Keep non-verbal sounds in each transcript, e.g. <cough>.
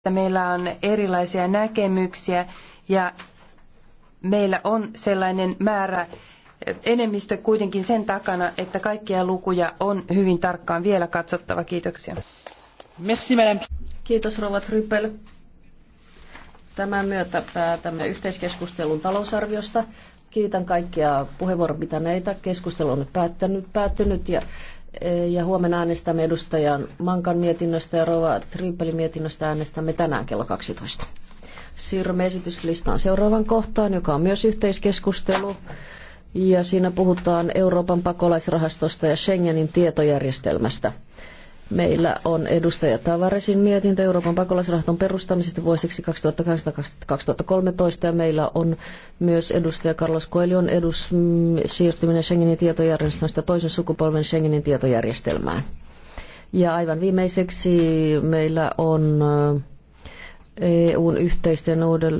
että meillä on erilaisia näkemyksiä ja meillä on sellainen määrä enemmistö kuitenkin sen takana, että kaikkia lukuja on hyvin tarkkaan vielä katsottava. Kiitoksia. Merci, madame. Kiitos Rova Trypel. Tämän myötä päätämme yhteiskeskustelun talousarviosta. Kiitän kaikkia puheenvuoron pitäneitä. Keskustelu on nyt päättynyt, päättynyt ja ja huomenna äänestämme edustajan Mankan mietinnöstä ja Rova Tryppelin mietinnöstä äänestämme tänään kello 12. Siirrymme esityslistaan seuraavan kohtaan, joka on myös yhteiskeskustelu. Ja siinä puhutaan Euroopan pakolaisrahastosta ja Schengenin tietojärjestelmästä. Meillä on edustaja Tavaresin mietintö Euroopan pakolaisrahaston perustamisesta vuosiksi 2013 ja meillä on myös edustaja Carlos Coelion edus siirtyminen Schengenin tietojärjestelmästä toisen sukupolven Schengenin tietojärjestelmään. Ja aivan viimeiseksi meillä on EUn yhteisten uuden,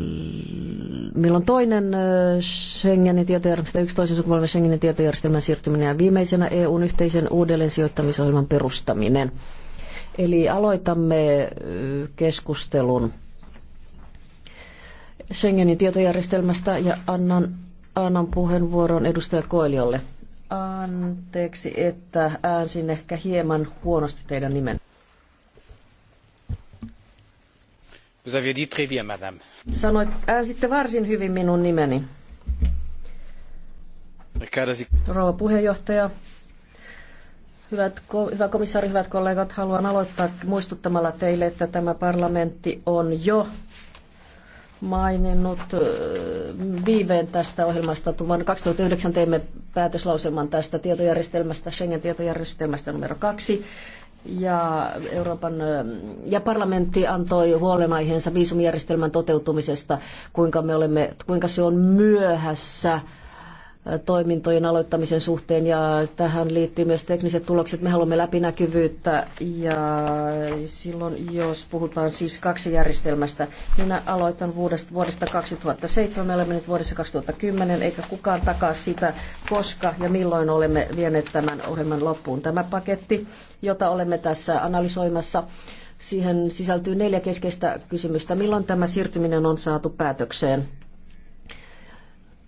milloin toinen Schengenin tietojärjestelmä, yksi toisen sukupolven Schengenin tietojärjestelmän siirtyminen ja viimeisenä EUn yhteisen uudelleen sijoittamisohjelman perustaminen. Eli aloitamme keskustelun Schengenin tietojärjestelmästä ja annan, annan puheenvuoron edustaja Koiliolle. Anteeksi, että äänsin ehkä hieman huonosti teidän nimen. Vous avez dit très bien, madame. Sanoit, äänsitte varsin hyvin minun nimeni. Rouva puheenjohtaja, Hyvät, hyvä komissaari, hyvät kollegat, haluan aloittaa muistuttamalla teille, että tämä parlamentti on jo maininnut viiveen tästä ohjelmasta. Vuonna 2009 teimme päätöslauselman tästä tietojärjestelmästä, Schengen-tietojärjestelmästä numero kaksi ja, Euroopan, ja parlamentti antoi huolenaiheensa viisumijärjestelmän toteutumisesta, kuinka, me olemme, kuinka se on myöhässä toimintojen aloittamisen suhteen ja tähän liittyy myös tekniset tulokset. Me haluamme läpinäkyvyyttä ja silloin jos puhutaan siis kaksi järjestelmästä, minä aloitan vuodesta, vuodesta 2007, me olemme nyt vuodessa 2010 eikä kukaan takaa sitä, koska ja milloin olemme vieneet tämän ohjelman loppuun. Tämä paketti, jota olemme tässä analysoimassa, siihen sisältyy neljä keskeistä kysymystä. Milloin tämä siirtyminen on saatu päätökseen?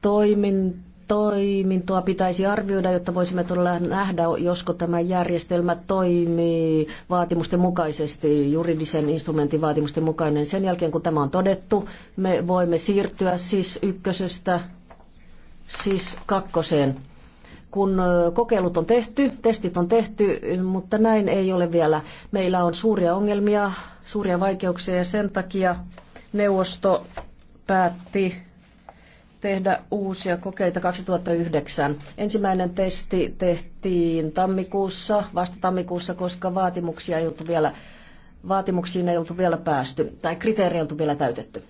Toimin toimintoa pitäisi arvioida, jotta voisimme todella nähdä, josko tämä järjestelmä toimii vaatimusten mukaisesti, juridisen instrumentin vaatimusten mukainen. Sen jälkeen, kun tämä on todettu, me voimme siirtyä siis ykkösestä siis kakkoseen. Kun kokeilut on tehty, testit on tehty, mutta näin ei ole vielä. Meillä on suuria ongelmia, suuria vaikeuksia ja sen takia neuvosto päätti tehdä uusia kokeita 2009. Ensimmäinen testi tehtiin tammikuussa, vasta tammikuussa, koska vaatimuksia ei oltu vielä, vaatimuksiin ei oltu vielä päästy, tai kriteeri ei oltu vielä täytetty.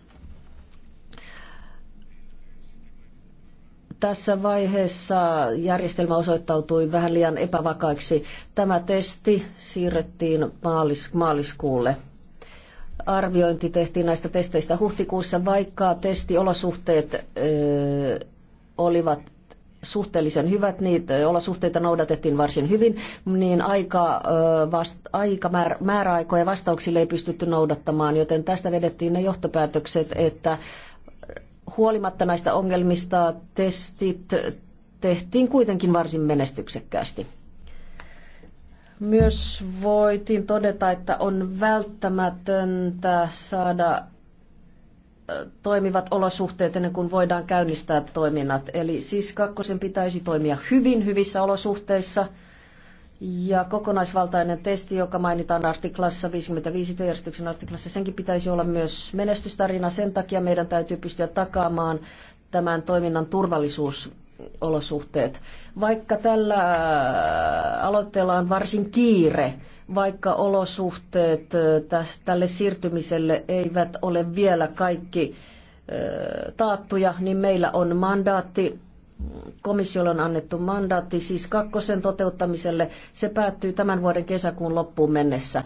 Tässä vaiheessa järjestelmä osoittautui vähän liian epävakaiksi. Tämä testi siirrettiin maalis- maaliskuulle arviointi tehtiin näistä testeistä huhtikuussa, vaikka testiolosuhteet ö, olivat suhteellisen hyvät, niitä olosuhteita noudatettiin varsin hyvin, niin aika, vasta, aika määr, määräaikoja vastauksille ei pystytty noudattamaan, joten tästä vedettiin ne johtopäätökset, että huolimatta näistä ongelmista testit tehtiin kuitenkin varsin menestyksekkäästi. Myös voitiin todeta, että on välttämätöntä saada toimivat olosuhteet ennen kuin voidaan käynnistää toiminnat. Eli siis kakkosen pitäisi toimia hyvin hyvissä olosuhteissa. Ja kokonaisvaltainen testi, joka mainitaan artiklassa 55 työjärjestyksen artiklassa, senkin pitäisi olla myös menestystarina. Sen takia meidän täytyy pystyä takaamaan tämän toiminnan turvallisuus olosuhteet. Vaikka tällä aloitteella on varsin kiire, vaikka olosuhteet tälle siirtymiselle eivät ole vielä kaikki taattuja, niin meillä on mandaatti komissiolle on annettu mandaatti siis kakkosen toteuttamiselle. Se päättyy tämän vuoden kesäkuun loppuun mennessä.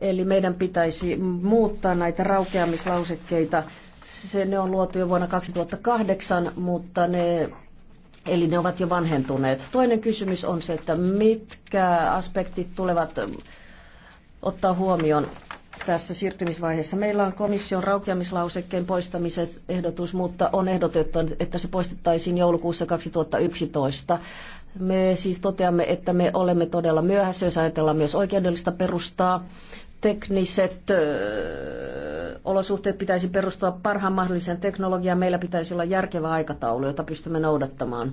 Eli meidän pitäisi muuttaa näitä raukeamislausekkeita. Se, ne on luotu jo vuonna 2008, mutta ne Eli ne ovat jo vanhentuneet. Toinen kysymys on se, että mitkä aspektit tulevat ähm, ottaa huomioon tässä siirtymisvaiheessa. Meillä on komission raukeamislausekkeen poistamisen ehdotus, mutta on ehdotettu, että se poistettaisiin joulukuussa 2011. Me siis toteamme, että me olemme todella myöhässä, jos ajatellaan myös oikeudellista perustaa tekniset olosuhteet pitäisi perustua parhaan mahdolliseen teknologiaan. Meillä pitäisi olla järkevä aikataulu, jota pystymme noudattamaan.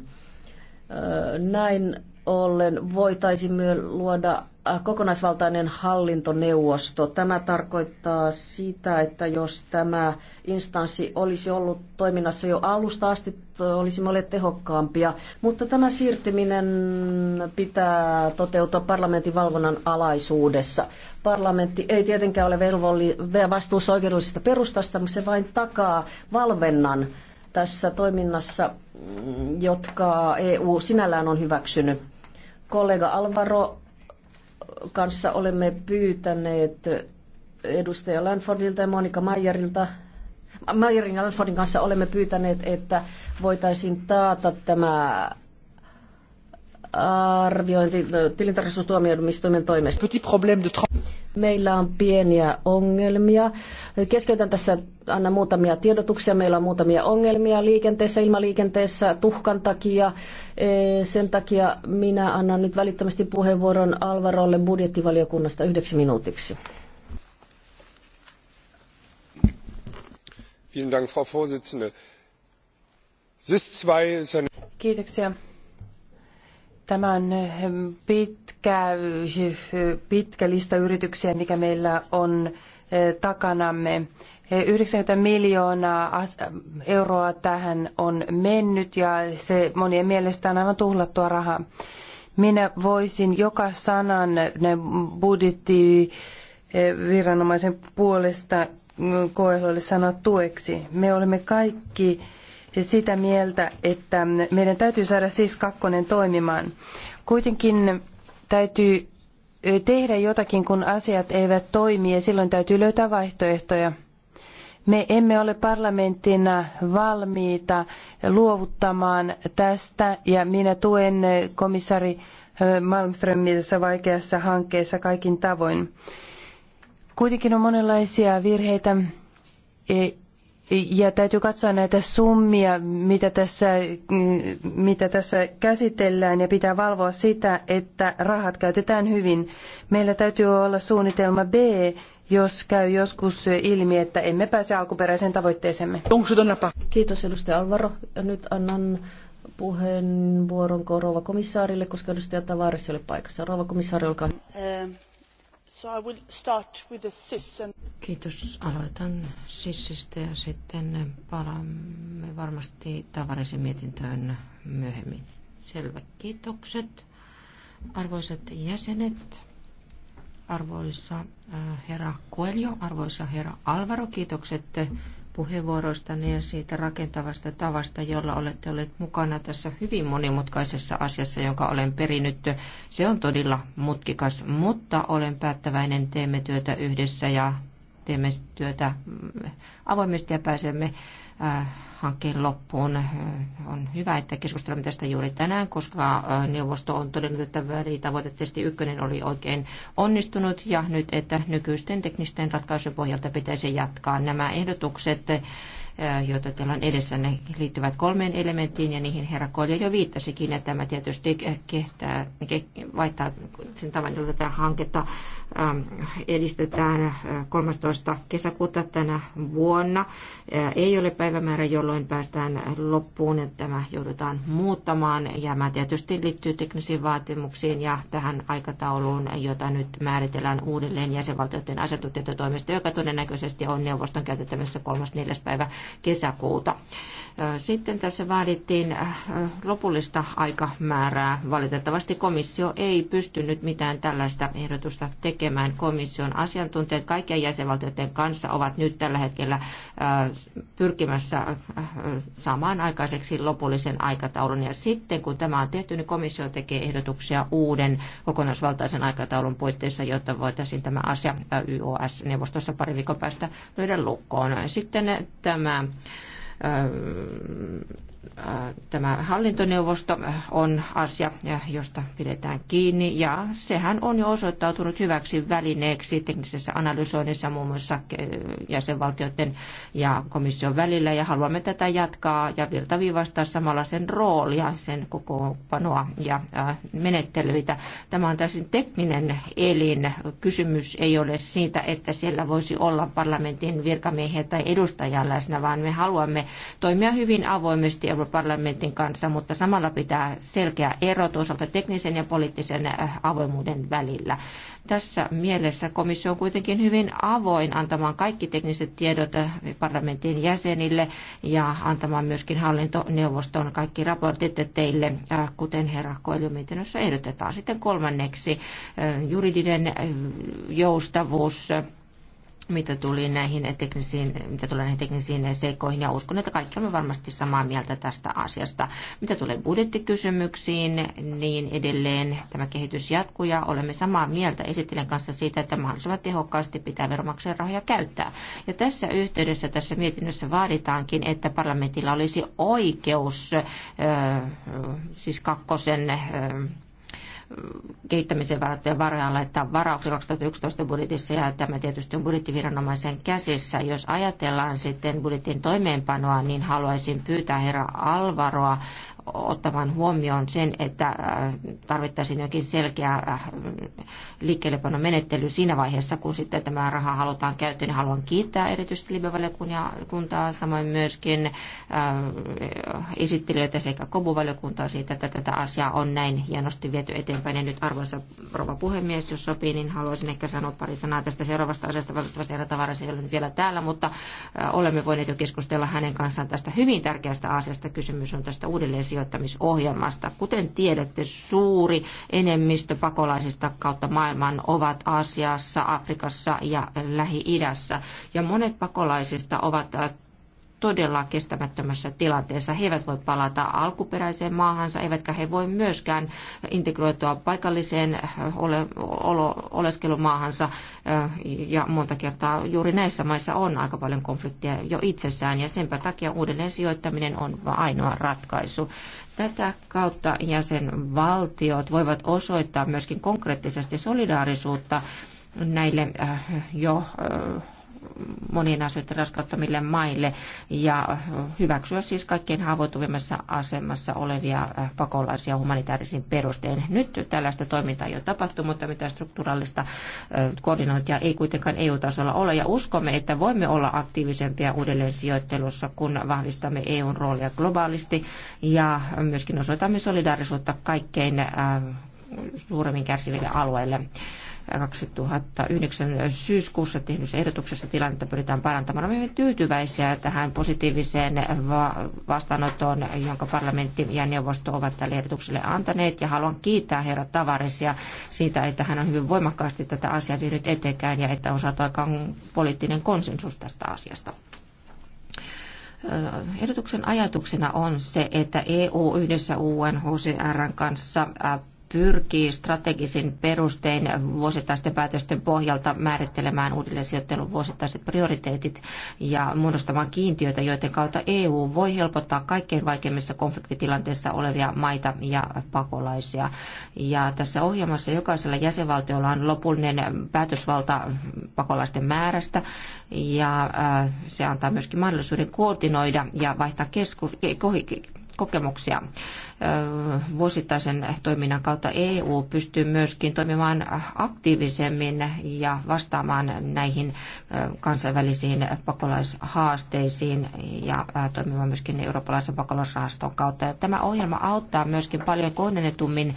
Näin ollen voitaisiin myös luoda Äh, kokonaisvaltainen hallintoneuvosto. Tämä tarkoittaa sitä, että jos tämä instanssi olisi ollut toiminnassa jo alusta asti, olisimme olleet tehokkaampia. Mutta tämä siirtyminen pitää toteutua parlamentin valvonnan alaisuudessa. Parlamentti ei tietenkään ole velvolli- vastuussa oikeudellisesta perustasta, mutta se vain takaa valvennan tässä toiminnassa, mm, jotka EU sinällään on hyväksynyt. Kollega Alvaro kanssa olemme pyytäneet edustaja Lanfordilta ja Monika Maijerilta Mayerin ja Alfordin kanssa olemme pyytäneet, että voitaisiin taata tämä arviointi tilintarkastustuomioistuimen toimesta. Meillä on pieniä ongelmia. Keskeytän tässä, anna muutamia tiedotuksia. Meillä on muutamia ongelmia liikenteessä, ilmaliikenteessä, tuhkan takia. E, sen takia minä annan nyt välittömästi puheenvuoron Alvarolle budjettivaliokunnasta yhdeksi minuutiksi. Vielen Dank, Frau Vorsitzende. Kiitoksia Tämä on pitkä, pitkä lista yrityksiä, mikä meillä on eh, takanamme. 90 eh, miljoonaa euroa tähän on mennyt ja se monien mielestä on aivan tuhlattua rahaa. Minä voisin joka sanan budjettiviranomaisen eh, puolesta mm, koehloille sanoa tueksi. Me olemme kaikki sitä mieltä, että meidän täytyy saada siis kakkonen toimimaan. Kuitenkin täytyy tehdä jotakin, kun asiat eivät toimi ja silloin täytyy löytää vaihtoehtoja. Me emme ole parlamenttina valmiita luovuttamaan tästä ja minä tuen komissari Malmströmin tässä vaikeassa hankkeessa kaikin tavoin. Kuitenkin on monenlaisia virheitä e, ja täytyy katsoa näitä summia, mitä tässä, mitä tässä käsitellään, ja pitää valvoa sitä, että rahat käytetään hyvin. Meillä täytyy olla suunnitelma B, jos käy joskus ilmi, että emme pääse alkuperäiseen tavoitteeseemme. Kiitos edustaja Alvaro. Ja nyt annan puheenvuoron rouva komissaarille, koska edustaja Tavares ei ole paikassa. Rouva komissaari, olkaa hyvä. So I will start with the SIS and... Kiitos. Aloitan SISistä ja sitten palaamme varmasti tavallisen mietintöön myöhemmin. Selvä. Kiitokset. Arvoisat jäsenet, arvoisa äh, herra Koelio, arvoisa herra Alvaro, kiitokset puheenvuoroistanne ja siitä rakentavasta tavasta, jolla olette olleet mukana tässä hyvin monimutkaisessa asiassa, jonka olen perinnyt, Se on todella mutkikas, mutta olen päättäväinen, teemme työtä yhdessä ja teemme työtä mm, avoimesti ja pääsemme äh, hankkeen loppuun. On hyvä, että keskustelemme tästä juuri tänään, koska neuvosto on todennut, että välitavoitetesti ykkönen oli oikein onnistunut ja nyt, että nykyisten teknisten ratkaisujen pohjalta pitäisi jatkaa nämä ehdotukset joita teillä on edessä. Ne liittyvät kolmeen elementtiin ja niihin herra Kolja jo viittasikin. että tämä tietysti kehtää, vaihtaa sen tavan, jolla tätä hanketta edistetään 13. kesäkuuta tänä vuonna. Ei ole päivämäärä, jolloin päästään loppuun, että tämä joudutaan muuttamaan. Ja tämä tietysti liittyy teknisiin vaatimuksiin ja tähän aikatauluun, jota nyt määritellään uudelleen jäsenvaltioiden asiantuntijoiden toimesta, joka todennäköisesti on neuvoston käytettävissä 3.4. päivä kesäkuuta. Sitten tässä vaadittiin lopullista aikamäärää. Valitettavasti komissio ei pystynyt mitään tällaista ehdotusta tekemään. Komission asiantuntijat kaikkien jäsenvaltioiden kanssa ovat nyt tällä hetkellä pyrkimässä samaan aikaiseksi lopullisen aikataulun. Ja sitten kun tämä on tehty, niin komissio tekee ehdotuksia uuden kokonaisvaltaisen aikataulun puitteissa, jotta voitaisiin tämä asia YOS-neuvostossa pari viikon päästä löydä lukkoon. Sitten tämä nämä tämä hallintoneuvosto on asia, josta pidetään kiinni ja sehän on jo osoittautunut hyväksi välineeksi teknisessä analysoinnissa muun muassa jäsenvaltioiden ja komission välillä ja haluamme tätä jatkaa ja virtaviivastaa samalla sen roolia, sen kokoonpanoa ja menettelyitä. Tämä on täysin tekninen elin. Kysymys ei ole siitä, että siellä voisi olla parlamentin virkamiehiä tai edustajia läsnä, vaan me haluamme toimia hyvin avoimesti Euroopan parlamentin kanssa, mutta samalla pitää selkeä ero toisaalta teknisen ja poliittisen äh, avoimuuden välillä. Tässä mielessä komissio on kuitenkin hyvin avoin antamaan kaikki tekniset tiedot äh, parlamentin jäsenille ja antamaan myöskin hallintoneuvoston kaikki raportit teille, äh, kuten herra Koilio mietinnössä ehdotetaan. Sitten kolmanneksi juridinen joustavuus mitä tuli näihin teknisiin, mitä tulee näihin teknisiin seikoihin, ja uskon, että kaikki olemme varmasti samaa mieltä tästä asiasta. Mitä tulee budjettikysymyksiin, niin edelleen tämä kehitys jatkuu, ja olemme samaa mieltä esittelen kanssa siitä, että mahdollisimman tehokkaasti pitää veronmaksajan rahoja käyttää. Ja tässä yhteydessä, tässä mietinnössä vaaditaankin, että parlamentilla olisi oikeus, siis kakkosen kehittämiseen varattuja varoja laittaa varauksia 2011 budjetissa ja tämä tietysti on budjettiviranomaisen käsissä. Jos ajatellaan sitten budjetin toimeenpanoa, niin haluaisin pyytää herra Alvaroa ottamaan huomioon sen, että äh, tarvittaisiin jokin selkeä äh, liikkeellepanomenettely siinä vaiheessa, kun sitten tämä raha halutaan käyttöön. Niin haluan kiittää erityisesti libevaliokuntaa, samoin myöskin äh, esittelijöitä sekä kobuvaliokuntaa siitä, että tätä asiaa on näin hienosti viety eteenpäin. Ja nyt arvoisa rouva puhemies, jos sopii, niin haluaisin ehkä sanoa pari sanaa tästä seuraavasta asiasta. Valitettavasti herra Tavaras ei ole nyt vielä täällä, mutta olemme voineet jo keskustella hänen kanssaan tästä hyvin tärkeästä asiasta. Kysymys on tästä uudelleen sijoittamisohjelmasta. Kuten tiedätte, suuri enemmistö pakolaisista kautta maailman ovat Aasiassa, Afrikassa ja Lähi-idässä. Ja monet pakolaisista ovat todella kestämättömässä tilanteessa. He eivät voi palata alkuperäiseen maahansa, eivätkä he voi myöskään integroitua paikalliseen äh, ole, olo, oleskelumaahansa. Äh, ja monta kertaa juuri näissä maissa on aika paljon konflikteja jo itsessään, ja senpä takia uudelleen sijoittaminen on ainoa ratkaisu. Tätä kautta jäsenvaltiot voivat osoittaa myöskin konkreettisesti solidaarisuutta näille äh, jo monien asioiden raskauttamille maille ja hyväksyä siis kaikkein haavoittuvimmassa asemassa olevia äh, pakolaisia humanitaarisin perustein. Nyt tällaista toimintaa jo tapahtuu, mutta mitä strukturaalista äh, koordinointia ei kuitenkaan EU-tasolla ole ja uskomme, että voimme olla aktiivisempia uudelleen sijoittelussa, kun vahvistamme EUn roolia globaalisti ja myöskin osoitamme solidaarisuutta kaikkein äh, suuremmin kärsiville alueille. 2009 syyskuussa tehdyssä ehdotuksessa tilannetta pyritään parantamaan. Olemme tyytyväisiä tähän positiiviseen vastaanottoon, jonka parlamentti ja neuvosto ovat tälle ehdotukselle antaneet. Ja haluan kiittää herra Tavaresia siitä, että hän on hyvin voimakkaasti tätä asiaa vienyt etekään ja että on saatu aikaan poliittinen konsensus tästä asiasta. Ehdotuksen ajatuksena on se, että EU yhdessä UNHCRn kanssa pyrkii strategisin perustein vuosittaisten päätösten pohjalta määrittelemään uudelleen sijoittelun vuosittaiset prioriteetit ja muodostamaan kiintiöitä, joiden kautta EU voi helpottaa kaikkein vaikeimmissa konfliktitilanteissa olevia maita ja pakolaisia. Ja tässä ohjelmassa jokaisella jäsenvaltiolla on lopullinen päätösvalta pakolaisten määrästä ja äh, se antaa myöskin mahdollisuuden koordinoida ja vaihtaa keskus, kokemuksia vuosittaisen toiminnan kautta EU pystyy myöskin toimimaan aktiivisemmin ja vastaamaan näihin kansainvälisiin pakolaishaasteisiin ja toimimaan myöskin eurooppalaisen pakolaisrahaston kautta. Ja tämä ohjelma auttaa myöskin paljon kohdennetummin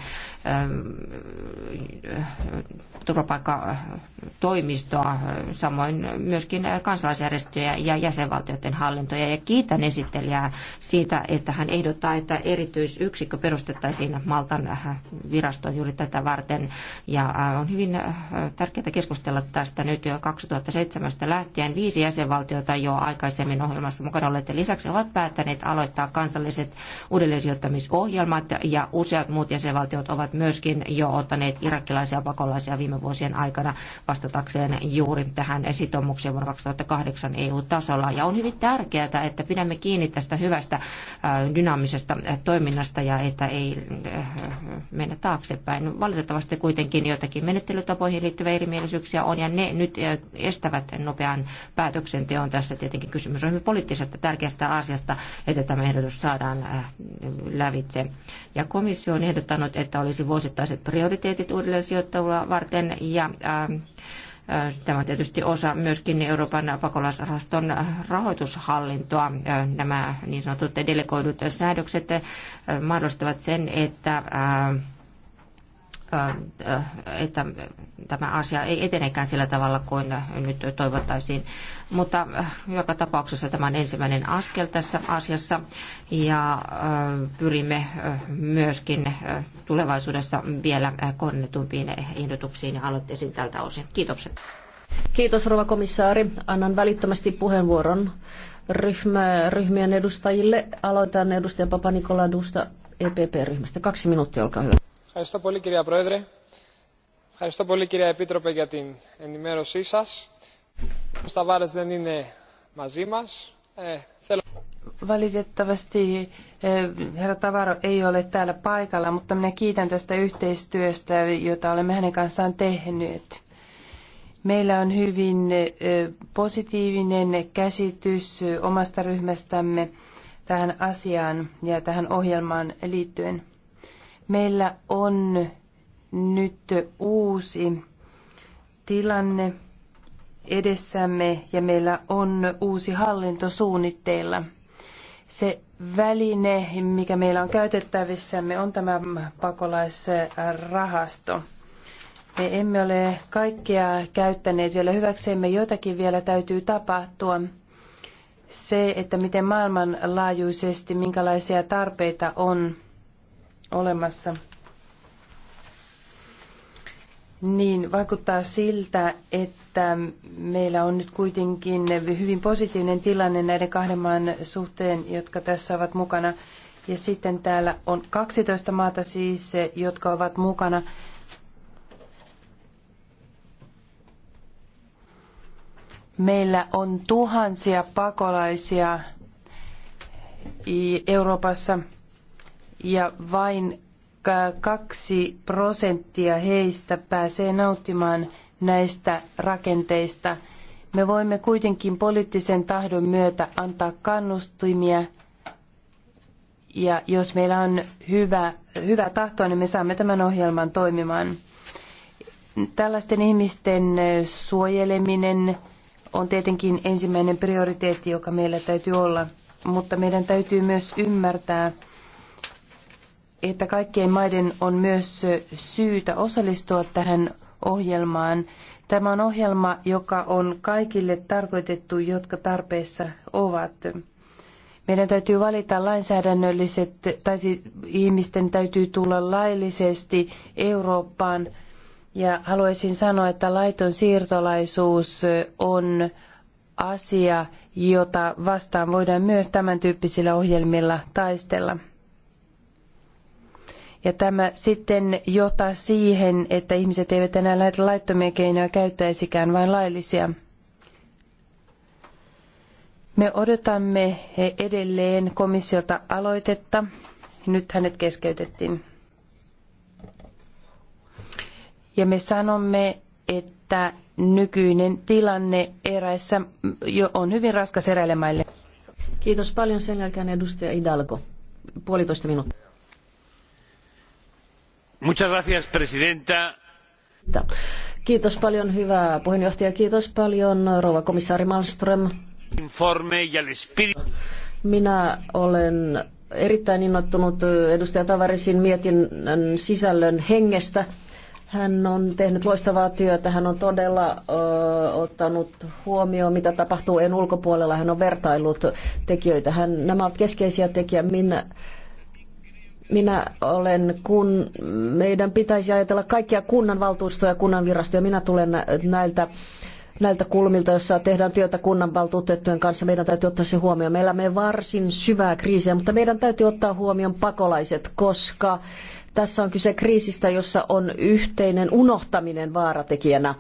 turvapaikkatoimistoa, samoin myöskin kansalaisjärjestöjä ja jäsenvaltioiden hallintoja. Ja kiitän esittelijää siitä, että hän ehdottaa, että erityis yksikkö perustettaisiin Maltan äh, virastoon juuri tätä varten. Ja äh, on hyvin äh, tärkeää keskustella tästä nyt jo 2007 lähtien. Viisi jäsenvaltiota jo aikaisemmin ohjelmassa mukana olleet. lisäksi ovat päättäneet aloittaa kansalliset uudelleensijoittamisohjelmat ja useat muut jäsenvaltiot ovat myöskin jo ottaneet irakilaisia pakolaisia viime vuosien aikana vastatakseen juuri tähän sitoumukseen vuonna 2008 EU-tasolla. Ja on hyvin tärkeää, että pidämme kiinni tästä hyvästä dynaamisesta toiminnasta rikkeistä ja että ei äh, mennä taaksepäin. Valitettavasti kuitenkin joitakin menettelytapoihin liittyviä erimielisyyksiä on ja ne nyt äh, estävät nopean päätöksenteon. Tässä tietenkin kysymys on hyvin poliittisesta tärkeästä asiasta, että tämä ehdotus saadaan äh, lävitse. Ja komissio on ehdottanut, että olisi vuosittaiset prioriteetit uudelleen sijoittelua varten ja äh, Tämä on tietysti osa myöskin Euroopan pakolaisrahaston rahoitushallintoa. Nämä niin sanotut delegoidut säädökset mahdollistavat sen, että että tämä asia ei etenekään sillä tavalla kuin nyt toivottaisiin. Mutta joka tapauksessa tämä on ensimmäinen askel tässä asiassa ja pyrimme myöskin tulevaisuudessa vielä kohdennetumpiin ehdotuksiin ja aloitteisiin tältä osin. Kiitokset. Kiitos rouva komissaari. Annan välittömästi puheenvuoron ryhmä, ryhmien edustajille. Aloitan edustaja Papa Nikoladusta EPP-ryhmästä. Kaksi minuuttia, olkaa hyvä. Ευχαριστώ πολύ κυρία Πρόεδρε. Ευχαριστώ πολύ κυρία Επίτροπε για την ενημέρωσή σας. Ο Σταβάρες δεν είναι μαζί μας. Valitettavasti herra Tavaro ei ole täällä paikalla, mutta minä kiitän tästä yhteistyöstä, jota olemme hänen kanssaan tehneet. Meillä on hyvin e, positiivinen käsitys omasta ryhmästämme tähän asiaan ja tähän ohjelmaan liittyen. Meillä on nyt uusi tilanne edessämme ja meillä on uusi hallinto suunnitteilla. Se väline, mikä meillä on käytettävissämme, on tämä pakolaisrahasto. Me emme ole kaikkia käyttäneet vielä hyväksemme, jotakin vielä täytyy tapahtua. Se, että miten maailmanlaajuisesti, minkälaisia tarpeita on olemassa, niin vaikuttaa siltä, että meillä on nyt kuitenkin hyvin positiivinen tilanne näiden kahden maan suhteen, jotka tässä ovat mukana. Ja sitten täällä on 12 maata siis, jotka ovat mukana. Meillä on tuhansia pakolaisia Euroopassa – ja vain kaksi prosenttia heistä pääsee nauttimaan näistä rakenteista. Me voimme kuitenkin poliittisen tahdon myötä antaa kannustimia ja jos meillä on hyvä, hyvä tahto, niin me saamme tämän ohjelman toimimaan. Tällaisten ihmisten suojeleminen on tietenkin ensimmäinen prioriteetti, joka meillä täytyy olla, mutta meidän täytyy myös ymmärtää, että kaikkien maiden on myös syytä osallistua tähän ohjelmaan. Tämä on ohjelma, joka on kaikille tarkoitettu, jotka tarpeessa ovat. Meidän täytyy valita lainsäädännölliset, tai siis ihmisten täytyy tulla laillisesti Eurooppaan. Ja haluaisin sanoa, että laiton siirtolaisuus on asia, jota vastaan voidaan myös tämän tyyppisillä ohjelmilla taistella. Ja tämä sitten johtaa siihen, että ihmiset eivät enää näitä laittomia keinoja käyttäisikään, vain laillisia. Me odotamme edelleen komissiolta aloitetta. Nyt hänet keskeytettiin. Ja me sanomme, että nykyinen tilanne eräissä jo on hyvin raskas eräille maille. Kiitos paljon. Sen jälkeen edustaja Hidalgo. Puolitoista minuuttia arvoisa puhemies Kiitos paljon, puheenjohtaja. Kiitos paljon, rouva komissaari Malmström. Informe ja Minä olen erittäin innoittunut edustaja Tavarisin mietinnön sisällön hengestä. Hän on tehnyt loistavaa työtä, hän on todella ö, ottanut huomioon, mitä tapahtuu en ulkopuolella, hän on vertailut tekijöitä. Hän, nämä ovat keskeisiä tekijöitä, minä minä olen, kun meidän pitäisi ajatella kaikkia kunnanvaltuustoja ja kunnanvirastoja. Minä tulen näiltä näiltä kulmilta, joissa tehdään työtä kunnanvaltuutettujen kanssa, meidän täytyy ottaa se huomioon. Meillä me varsin syvää kriisiä, mutta meidän täytyy ottaa huomioon pakolaiset, koska tässä on kyse kriisistä, jossa on yhteinen unohtaminen vaaratekijänä.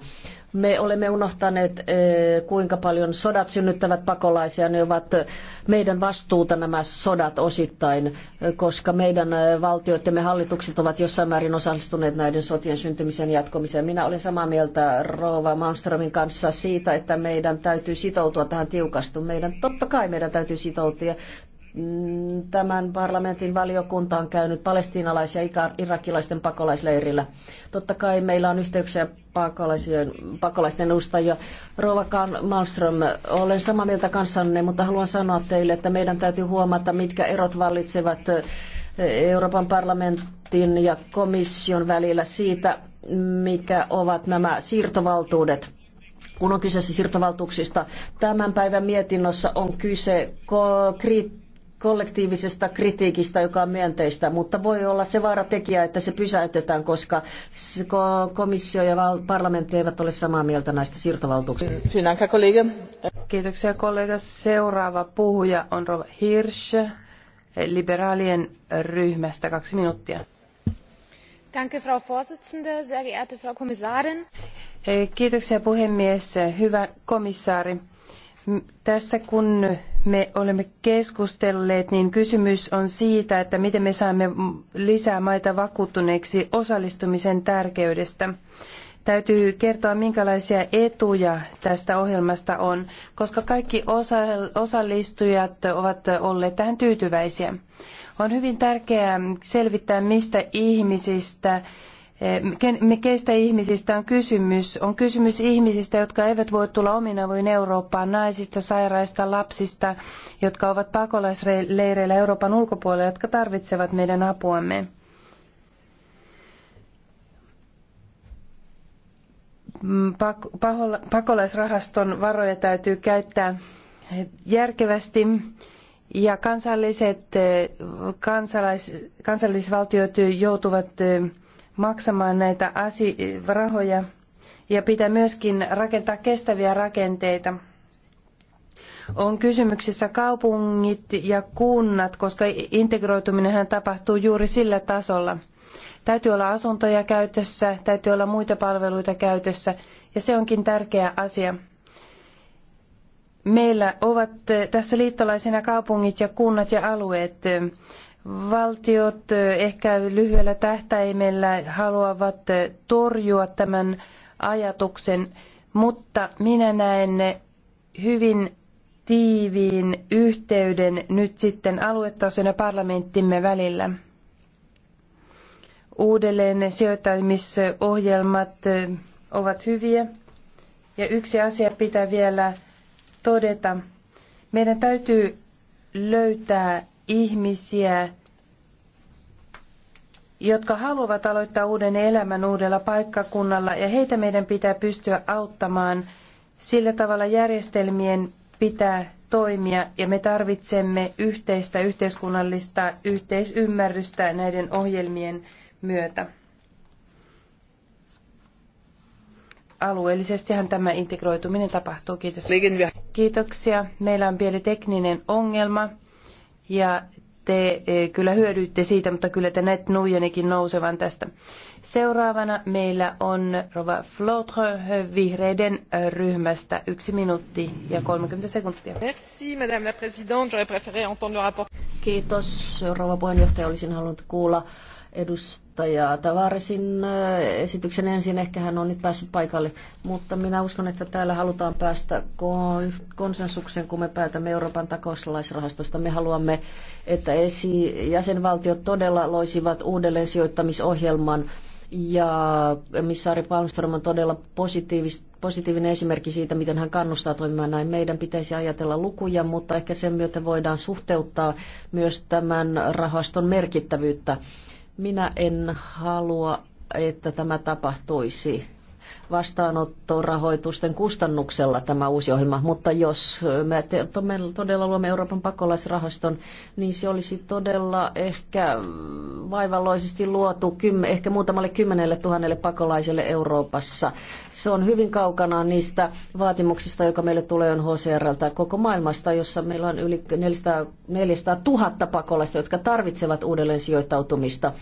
Me olemme unohtaneet, eh, kuinka paljon sodat synnyttävät pakolaisia. Ne ovat meidän vastuuta nämä sodat osittain, eh, koska meidän eh, valtioittemme hallitukset ovat jossain määrin osallistuneet näiden sotien syntymisen jatkumiseen. Minä olen samaa mieltä Rova Malmströmin kanssa siitä, että meidän täytyy sitoutua tähän tiukasti. Meidän, totta kai meidän täytyy sitoutua Mm, tämän parlamentin valiokunta on käynyt palestiinalaisia irakilaisten pakolaisleirillä. Totta kai meillä on yhteyksiä pakolaisten, pakolaisten edustajia. Rova Malmström, olen samaa mieltä kanssanne, mutta haluan sanoa teille, että meidän täytyy huomata, mitkä erot vallitsevat eh, Euroopan parlamentin ja komission välillä siitä, mikä ovat nämä siirtovaltuudet kun on kyse siirtovaltuuksista. Tämän päivän mietinnössä on kyse kriittisestä kollektiivisesta kritiikistä, joka on myönteistä, mutta voi olla se vaaratekijä, että se pysäytetään, koska komissio ja parlamentti eivät ole samaa mieltä näistä siirtovaltuuksista. Kiitoksia kollega. Seuraava puhuja on Rova Hirsch liberaalien ryhmästä. Kaksi minuuttia. Danke, Frau Vorsitzende, sehr geehrte Frau Kommissarin. Kiitoksia puhemies. Hyvä komissaari. Tässä kun me olemme keskustelleet, niin kysymys on siitä, että miten me saamme lisää maita vakuuttuneeksi osallistumisen tärkeydestä. Täytyy kertoa, minkälaisia etuja tästä ohjelmasta on, koska kaikki osa- osallistujat ovat olleet tähän tyytyväisiä. On hyvin tärkeää selvittää, mistä ihmisistä Keistä ihmisistä on kysymys? On kysymys ihmisistä, jotka eivät voi tulla omin avuin Eurooppaan, naisista, sairaista, lapsista, jotka ovat pakolaisleireillä Euroopan ulkopuolella, jotka tarvitsevat meidän apuamme. Mm, pakolaisrahaston varoja täytyy käyttää järkevästi ja kansalliset, eh, kansalais, kansallisvaltiot joutuvat eh, maksamaan näitä asi- rahoja ja pitää myöskin rakentaa kestäviä rakenteita. On kysymyksissä kaupungit ja kunnat, koska integroituminen tapahtuu juuri sillä tasolla. Täytyy olla asuntoja käytössä, täytyy olla muita palveluita käytössä ja se onkin tärkeä asia. Meillä ovat tässä liittolaisina kaupungit ja kunnat ja alueet. Valtiot eh, ehkä lyhyellä tähtäimellä haluavat eh, torjua tämän ajatuksen, mutta minä näen hyvin tiiviin yhteyden nyt sitten aluetason ja parlamenttimme välillä. Uudelleen sijoittamisohjelmat eh, ovat hyviä. Ja yksi asia pitää vielä todeta. Meidän täytyy löytää ihmisiä, jotka haluavat aloittaa uuden elämän uudella paikkakunnalla ja heitä meidän pitää pystyä auttamaan. Sillä tavalla järjestelmien pitää toimia ja me tarvitsemme yhteistä yhteiskunnallista yhteisymmärrystä näiden ohjelmien myötä. Alueellisestihan tämä integroituminen tapahtuu. Kiitos. Kiitoksia. Meillä on pieni tekninen ongelma ja te e, kyllä hyödyitte siitä, mutta kyllä te näette nuijanikin nousevan tästä. Seuraavana meillä on Rova Flotre vihreiden e, ryhmästä. Yksi minuutti ja 30 sekuntia. Merci, madame la présidente. J'aurais préféré entendre le rapport. Kiitos, rouva puheenjohtaja. Olisin halunnut kuulla edustajia johtaja Tavarisin äh, esityksen ensin. Ehkä hän on nyt päässyt paikalle, mutta minä uskon, että täällä halutaan päästä konsensukseen, kun me päätämme Euroopan takauslaisrahastosta. Me haluamme, että esi- jäsenvaltiot todella loisivat uudelleen sijoittamisohjelman ja missaari Palmström on todella positiivinen esimerkki siitä, miten hän kannustaa toimimaan näin. Meidän pitäisi ajatella lukuja, mutta ehkä sen myötä voidaan suhteuttaa myös tämän rahaston merkittävyyttä minä en halua, että tämä tapahtuisi vastaanottorahoitusten kustannuksella tämä uusi ohjelma, mutta jos me todella luomme Euroopan pakolaisrahaston, niin se olisi todella ehkä vaivalloisesti luotu ehkä muutamalle kymmenelle tuhannelle pakolaiselle Euroopassa. Se on hyvin kaukana niistä vaatimuksista, joka meille tulee on HCRltä koko maailmasta, jossa meillä on yli 400, 400 000 pakolaista, jotka tarvitsevat uudelleen sijoittautumista.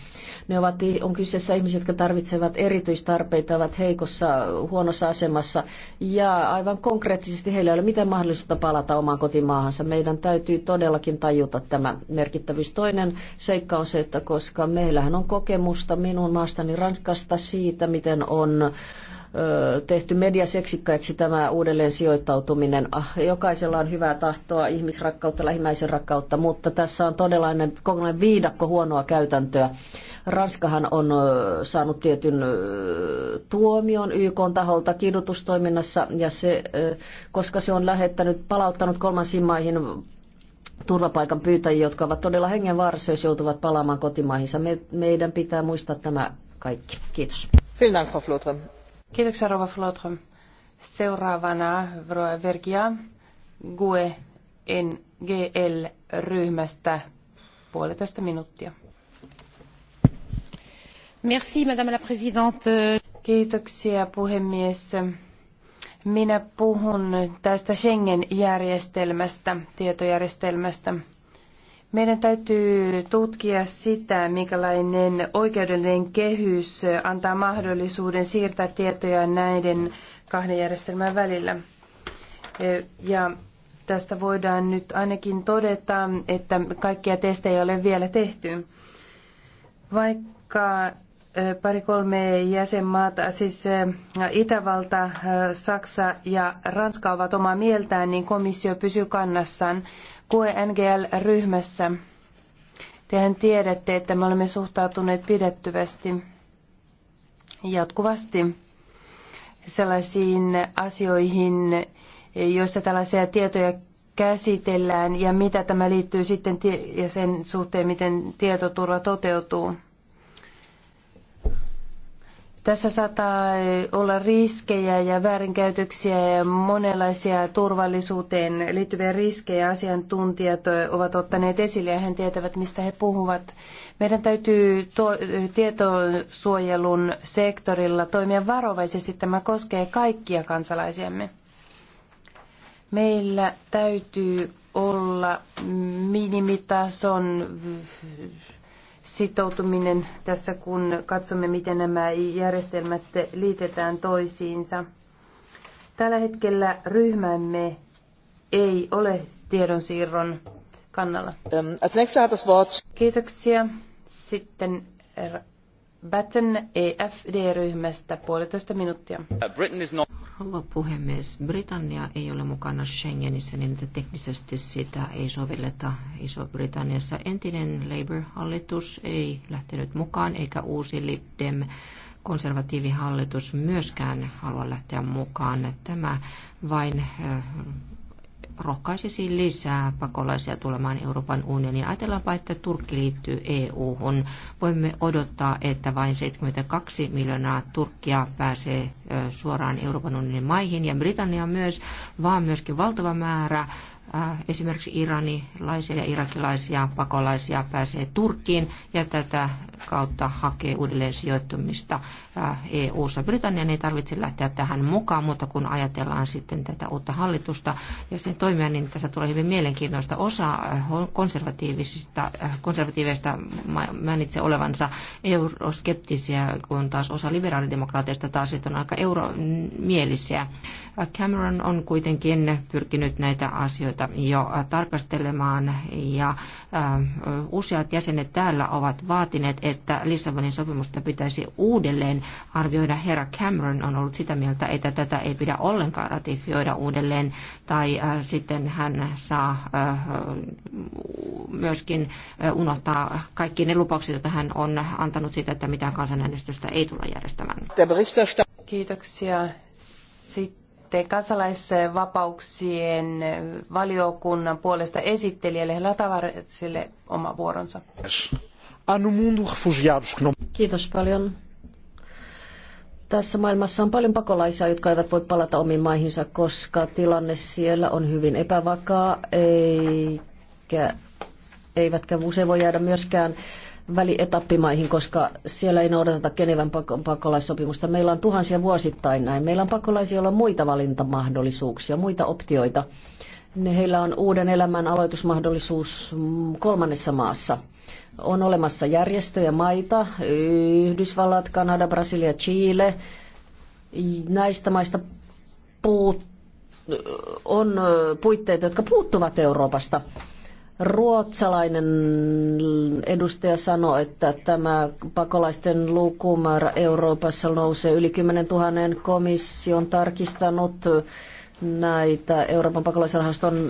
Ne ovat, on kyseessä ihmisiä, jotka tarvitsevat erityistarpeita, ovat heikossa huonossa asemassa ja aivan konkreettisesti heillä ei ole mitään mahdollisuutta palata omaan kotimaahansa. Meidän täytyy todellakin tajuta tämä merkittävyys. Toinen seikka on se, että koska meillähän on kokemusta minun maastani Ranskasta siitä, miten on äh, tehty mediaseksikkaiksi tämä uudelleen sijoittautuminen. Ah, jokaisella on hyvää tahtoa, ihmisrakkautta, lähimmäisen rakkautta, mutta tässä on todellinen kokonainen viidakko huonoa käytäntöä. Ranskahan on saanut tietyn tuomion YK taholta kidutustoiminnassa, ja se, koska se on lähettänyt, palauttanut kolmansiin maihin turvapaikan pyytäjiä, jotka ovat todella hengenvaarassa, jos joutuvat palaamaan kotimaihinsa. Me, meidän pitää muistaa tämä kaikki. Kiitos. Vielen Dank, Frau Flotre. Kiitoksia Rova Flotholm. Seuraavana Vergia Gue NGL-ryhmästä puolitoista minuuttia. Merci, Madame la Présidente. Kiitoksia puhemies. Minä puhun tästä Schengen-järjestelmästä, tietojärjestelmästä. Meidän täytyy tutkia sitä, minkälainen oikeudellinen kehys antaa mahdollisuuden siirtää tietoja näiden kahden järjestelmän välillä. E, ja tästä voidaan nyt ainakin todeta, että kaikkia testejä ei ole vielä tehty. Vaikka e, pari-kolme jäsenmaata, siis e, Itävalta, Saksa ja Ranska ovat omaa mieltään, niin komissio pysyy kannassaan ngl ryhmässä Tehän tiedätte, että me olemme suhtautuneet pidettyvästi jatkuvasti sellaisiin asioihin, joissa tällaisia tietoja käsitellään ja mitä tämä liittyy sitten ja sen suhteen, miten tietoturva toteutuu. Tässä saattaa olla riskejä ja väärinkäytöksiä ja monenlaisia turvallisuuteen liittyviä riskejä. Asiantuntijat ovat ottaneet esille ja he tietävät, mistä he puhuvat. Meidän täytyy to- tietosuojelun sektorilla toimia varovaisesti. Tämä koskee kaikkia kansalaisiamme. Meillä täytyy olla minimitason sitoutuminen tässä, kun katsomme, miten nämä järjestelmät liitetään toisiinsa. Tällä hetkellä ryhmämme ei ole tiedonsiirron kannalla. Ähm, Kiitoksia. Sitten Batten EFD-ryhmästä puolitoista minuuttia. Uh, Rouva puhemies, Britannia ei ole mukana Schengenissä, niin että teknisesti sitä ei sovelleta Iso-Britanniassa. Entinen Labour-hallitus ei lähtenyt mukaan, eikä uusi Lib Dem konservatiivihallitus myöskään halua lähteä mukaan. Tämä vain eh, rohkaisisi lisää pakolaisia tulemaan Euroopan unioniin. Ajatellaanpa, että Turkki liittyy EU-hun. Voimme odottaa, että vain 72 miljoonaa Turkkia pääsee suoraan Euroopan unionin maihin ja Britannia myös, vaan myöskin valtava määrä esimerkiksi iranilaisia ja irakilaisia pakolaisia pääsee Turkkiin ja tätä kautta hakee uudelleen sijoittumista EU-ssa. Britannian ei tarvitse lähteä tähän mukaan, mutta kun ajatellaan sitten tätä uutta hallitusta ja sen toimia, niin tässä tulee hyvin mielenkiintoista. Osa konservatiivisista, konservatiiveista mainitse olevansa euroskeptisiä, kun taas osa liberaalidemokraateista taas on aika euromielisiä. Cameron on kuitenkin pyrkinyt näitä asioita jo tarkastelemaan ja äh, useat jäsenet täällä ovat vaatineet, että Lissabonin sopimusta pitäisi uudelleen arvioida. Herra Cameron on ollut sitä mieltä, että tätä ei pidä ollenkaan ratifioida uudelleen tai äh, sitten hän saa äh, myöskin unohtaa kaikki ne lupaukset, joita hän on antanut siitä, että mitään kansanäänestystä ei tulla järjestämään. Kiitoksia. Sitten sitten kansalaisvapauksien valiokunnan puolesta esittelijälle Latavarsille oma vuoronsa. No Kiitos paljon. Tässä maailmassa on paljon pakolaisia, jotka eivät voi palata omiin maihinsa, koska tilanne siellä on hyvin epävakaa, eikä, eivätkä usein voi jäädä myöskään välietappimaihin, koska siellä ei noudateta Geneven pakolaissopimusta. Meillä on tuhansia vuosittain näin. Meillä on pakolaisia, joilla on muita valintamahdollisuuksia, muita optioita. Heillä on uuden elämän aloitusmahdollisuus kolmannessa maassa. On olemassa järjestöjä, maita, Yhdysvallat, Kanada, Brasilia, Chile. Näistä maista puut, on puitteita, jotka puuttuvat Euroopasta Ruotsalainen edustaja sanoi, että tämä pakolaisten lukumäärä Euroopassa nousee yli 10 000. Komissio on tarkistanut näitä Euroopan pakolaisrahaston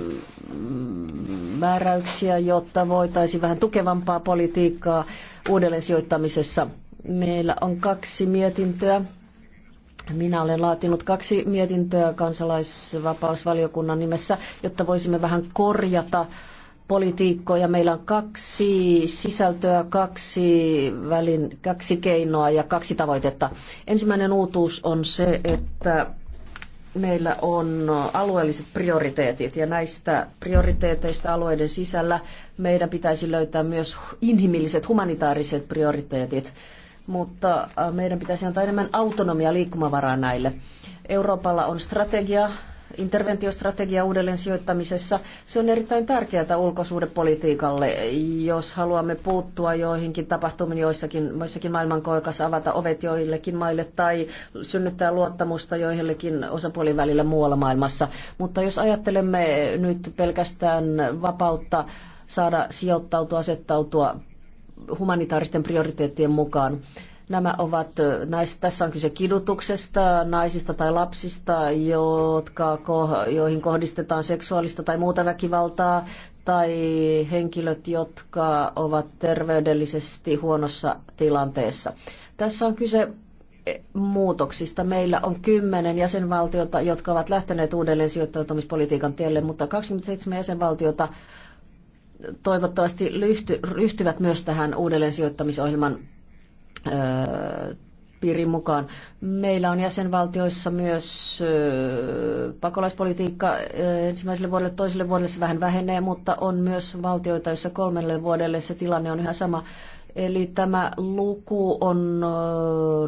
määräyksiä, jotta voitaisiin vähän tukevampaa politiikkaa uudelleen sijoittamisessa. Meillä on kaksi mietintöä. Minä olen laatinut kaksi mietintöä kansalaisvapausvaliokunnan nimessä, jotta voisimme vähän korjata äh, politiikkoja. Meillä on kaksi sisältöä, kaksi, välin, kaksi keinoa ja kaksi tavoitetta. Ensimmäinen uutuus on se, että meillä on alueelliset prioriteetit ja näistä prioriteeteista alueiden sisällä meidän pitäisi löytää myös inhimilliset, humanitaariset prioriteetit, mutta äh, meidän pitäisi antaa enemmän autonomia liikkumavaraa näille. Euroopalla on strategia, interventiostrategia uudelleen sijoittamisessa. Se on erittäin tärkeää ulkosuudepolitiikalle, jos haluamme puuttua joihinkin tapahtumiin joissakin, joissakin maailmankoikassa, avata ovet joillekin maille tai synnyttää luottamusta joillekin osapuolin välillä muualla maailmassa. Mutta jos ajattelemme nyt pelkästään vapautta saada sijoittautua, asettautua humanitaaristen prioriteettien mukaan, Nämä ovat, näissä, tässä on kyse kidutuksesta, naisista tai lapsista, jotka, joihin kohdistetaan seksuaalista tai muuta väkivaltaa, tai henkilöt, jotka ovat terveydellisesti huonossa tilanteessa. Tässä on kyse e, muutoksista. Meillä on kymmenen jäsenvaltiota, jotka ovat lähteneet uudelleen sijoittautumispolitiikan tielle, mutta 27 jäsenvaltiota toivottavasti ryhtyvät myös tähän uudelleen sijoittamisohjelman piirin mukaan. Meillä on jäsenvaltioissa myös pakolaispolitiikka ensimmäiselle vuodelle, toiselle vuodelle se vähän vähenee, mutta on myös valtioita, joissa kolmelle vuodelle se tilanne on yhä sama. Eli tämä luku on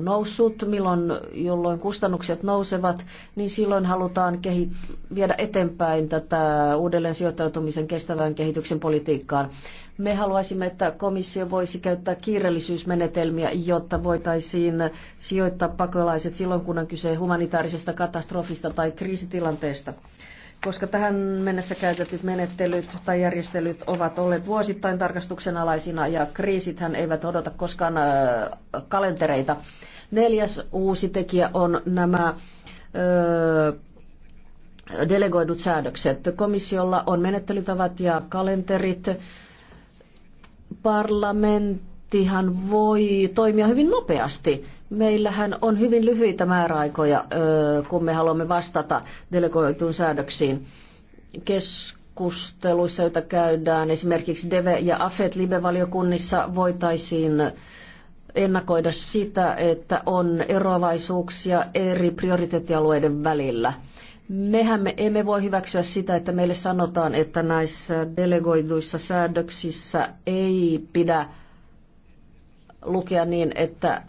noussut, milloin, jolloin kustannukset nousevat, niin silloin halutaan kehit- viedä eteenpäin tätä uudelleen sijoittautumisen kestävän kehityksen politiikkaan. Me haluaisimme, että komissio voisi käyttää kiireellisyysmenetelmiä, jotta voitaisiin sijoittaa pakolaiset silloin, kun on kyse humanitaarisesta katastrofista tai kriisitilanteesta koska tähän mennessä käytetyt menettelyt tai järjestelyt ovat olleet vuosittain tarkastuksen alaisina ja kriisithän eivät odota koskaan kalentereita. Neljäs uusi tekijä on nämä delegoidut säädökset. Komissiolla on menettelytavat ja kalenterit parlamenttihan voi toimia hyvin nopeasti. Meillähän on hyvin lyhyitä määräaikoja, kun me haluamme vastata delegoituun säädöksiin. Keskusteluissa, joita käydään esimerkiksi DEVE- ja AFET-live-valiokunnissa, voitaisiin ennakoida sitä, että on eroavaisuuksia eri prioriteettialueiden välillä – Mehän me emme voi hyväksyä sitä, että meille sanotaan, että näissä delegoiduissa säädöksissä ei pidä lukea niin, että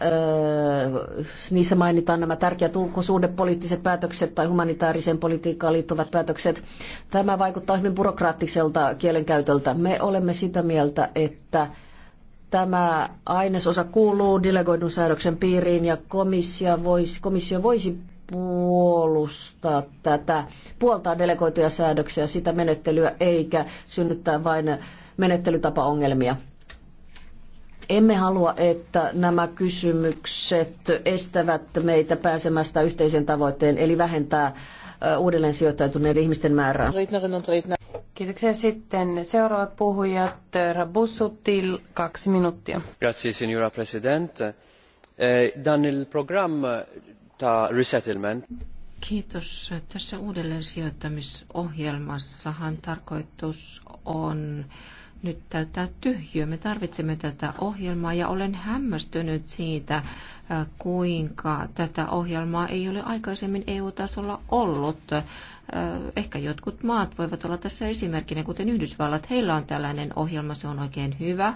ö, niissä mainitaan nämä tärkeät ulkosuhdepoliittiset päätökset tai humanitaariseen politiikkaan liittyvät päätökset. Tämä vaikuttaa hyvin byrokraattiselta kielenkäytöltä. Me olemme sitä mieltä, että tämä ainesosa kuuluu delegoidun säädöksen piiriin ja komissio voisi, komissio voisi puolustaa tätä, puoltaa delegoituja säädöksiä, sitä menettelyä, eikä synnyttää vain menettelytapaongelmia. Emme halua, että nämä kysymykset estävät meitä pääsemästä yhteisen tavoitteen, eli vähentää uudelleen sijoittautuneiden ihmisten määrää. Kiitoksia. Sitten seuraavat puhujat, Rabusutil kaksi minuuttia. Grazie, signora Presidente. Eh, dan il programma resettlement. Kiitos. Tässä uudelleen sijoittamisohjelmassahan tarkoitus on nyt täyttää tyhjyä. Me tarvitsemme tätä ohjelmaa ja olen hämmästynyt siitä, äh, kuinka tätä ohjelmaa ei ole aikaisemmin EU-tasolla ollut. Äh, ehkä jotkut maat voivat olla tässä esimerkkinä, kuten Yhdysvallat. Heillä on tällainen ohjelma, se on oikein hyvä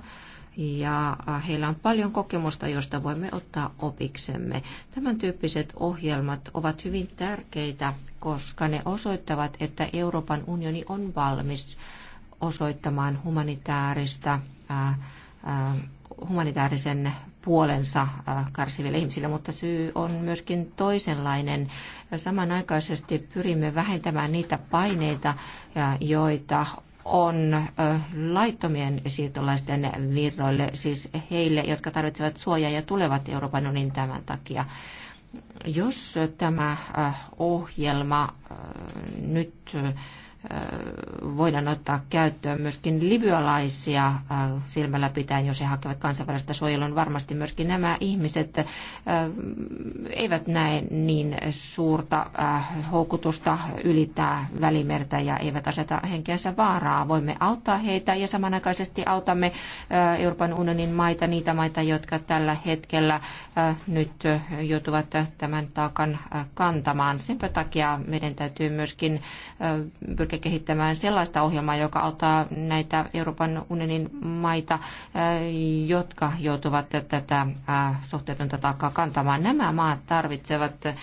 ja äh, heillä on paljon kokemusta, josta voimme ottaa opiksemme. Tämän tyyppiset ohjelmat ovat hyvin tärkeitä, koska ne osoittavat, että Euroopan unioni on valmis osoittamaan humanitaarista, äh, äh, humanitaarisen puolensa äh, kärsiville ihmisille, mutta syy on myöskin toisenlainen. Samanaikaisesti pyrimme vähentämään niitä paineita, äh, joita on laittomien siirtolaisten virroille, siis heille, jotka tarvitsevat suojaa ja tulevat Euroopan unionin tämän takia. Jos tämä ohjelma nyt voidaan ottaa käyttöön myöskin libyalaisia äh, silmällä pitäen, jos he hakevat kansainvälistä suojelua. Varmasti myöskin nämä ihmiset äh, eivät näe niin suurta äh, houkutusta ylittää välimertä ja eivät aseta henkeänsä vaaraa. Voimme auttaa heitä ja samanaikaisesti autamme Euroopan unionin maita, niitä maita, jotka tällä hetkellä nyt joutuvat tämän taakan kantamaan. Senpä takia meidän täytyy myöskin pyrkiä pyrkiä kehittämään sellaista ohjelmaa, joka auttaa näitä Euroopan unionin maita, äh, jotka joutuvat tätä äh, suhteetonta taakkaa kantamaan. Nämä maat tarvitsevat äh,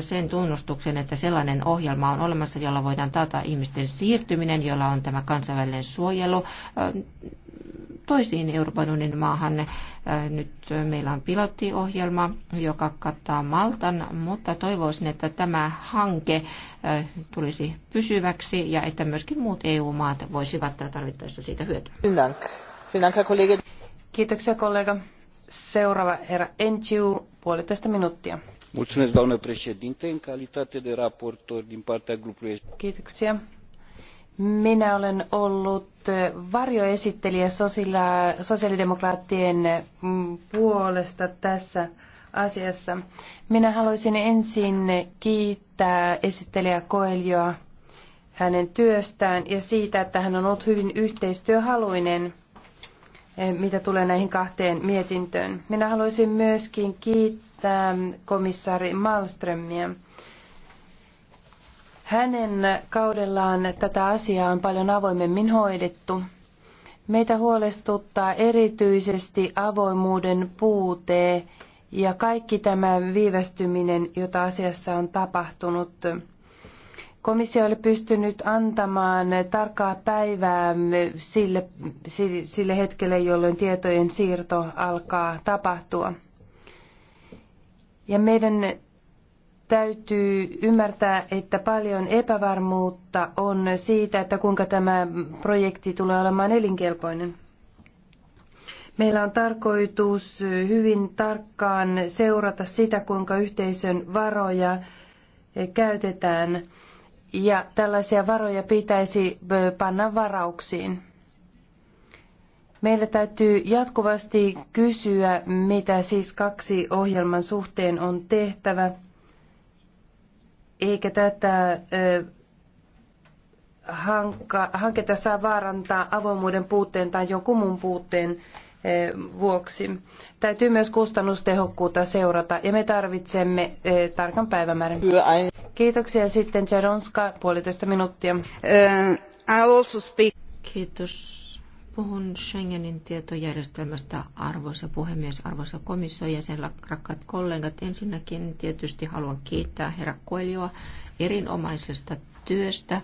sen tunnustuksen, että sellainen ohjelma on olemassa, jolla voidaan taata ihmisten siirtyminen, jolla on tämä kansainvälinen suojelu toisiin Euroopan unionin maahan. Äh, nyt meillä on pilottiohjelma, joka kattaa Maltan, mutta toivoisin, että tämä hanke äh, tulisi pysyväksi ja että myöskin muut EU-maat voisivat tarvittaessa siitä hyötyä. Kiitoksia kollega. Seuraava herra Enciu, puolitoista minuuttia. Mulțumesc, doamnă președinte, în calitate de raportor din partea grupului. Kiitoksia minä olen ollut varjoesittelijä sosiaalidemokraattien mm, puolesta tässä asiassa. Minä haluaisin ensin kiittää esittelijä Koeljoa hänen työstään ja siitä, että hän on ollut hyvin yhteistyöhaluinen, eh, mitä tulee näihin kahteen mietintöön. Minä haluaisin myöskin kiittää mm, komissaari Malmströmiä hänen kaudellaan tätä asiaa on paljon avoimemmin hoidettu. Meitä huolestuttaa erityisesti avoimuuden puute ja kaikki tämä viivästyminen, jota asiassa on tapahtunut. Komissio oli pystynyt antamaan tarkkaa päivää sille, sille hetkelle, jolloin tietojen siirto alkaa tapahtua. Ja meidän täytyy ymmärtää, että paljon epävarmuutta on siitä, että kuinka tämä projekti tulee olemaan elinkelpoinen. Meillä on tarkoitus hyvin tarkkaan seurata sitä, kuinka yhteisön varoja käytetään. Ja tällaisia varoja pitäisi panna varauksiin. Meillä täytyy jatkuvasti kysyä, mitä siis kaksi ohjelman suhteen on tehtävä – eikä tätä hanketta saa vaarantaa avoimuuden puutteen tai jonkun muun puutteen vuoksi. Täytyy myös kustannustehokkuutta seurata ja me tarvitsemme tarkan päivämäärän. Kiitoksia sitten Jaronska, puolitoista minuuttia. Kiitos. Puhun Schengenin tietojärjestelmästä, arvoisa puhemies, arvoisa ja sen rakkaat kollegat. Ensinnäkin tietysti haluan kiittää herra Koelioa erinomaisesta työstä.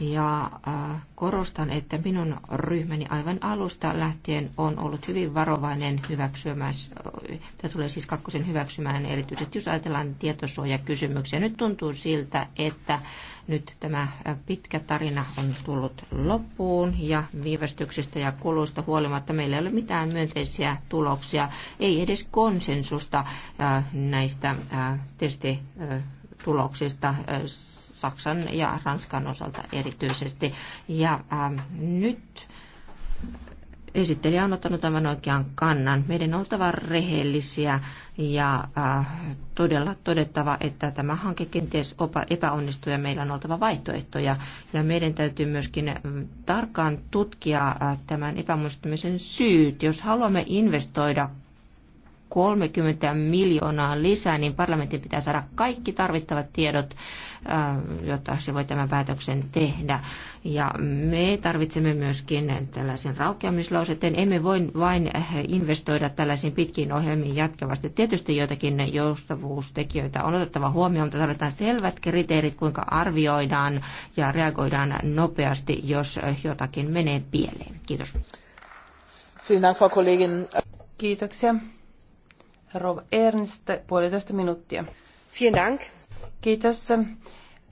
Ja äh, korostan, että minun ryhmäni aivan alusta lähtien on ollut hyvin varovainen hyväksymässä, tämä äh, tulee siis kakkosen hyväksymään, erityisesti jos ajatellaan tietosuojakysymyksiä. Nyt tuntuu siltä, että nyt tämä äh, pitkä tarina on tullut loppuun ja viivästyksistä ja kuluista huolimatta meillä ei ole mitään myönteisiä tuloksia, ei edes konsensusta näistä testituloksista. tuloksista Saksan ja Ranskan osalta erityisesti. Ja ähm, nyt esittelijä on ottanut tämän oikean kannan. Meidän on oltava rehellisiä ja äh, todella todettava, että tämä hanke kenties opa, epäonnistuu ja meillä on oltava vaihtoehtoja. Ja meidän täytyy myöskin äh, tarkkaan tutkia äh, tämän epäonnistumisen syyt. Jos haluamme investoida 30 miljoonaa lisää, niin parlamentin pitää saada kaikki tarvittavat tiedot, jotta se voi tämän päätöksen tehdä. Ja me tarvitsemme myöskin tällaisen raukeamislauseen. Emme voi vain investoida tällaisiin pitkiin ohjelmiin jatkavasti. Tietysti joitakin joustavuustekijöitä on otettava huomioon, mutta tarvitaan selvät kriteerit, kuinka arvioidaan ja reagoidaan nopeasti, jos jotakin menee pieleen. Kiitos. Kollegin. Kiitoksia. Rob Ernst, puolitoista minuuttia. Vielen Dank. Kiitos.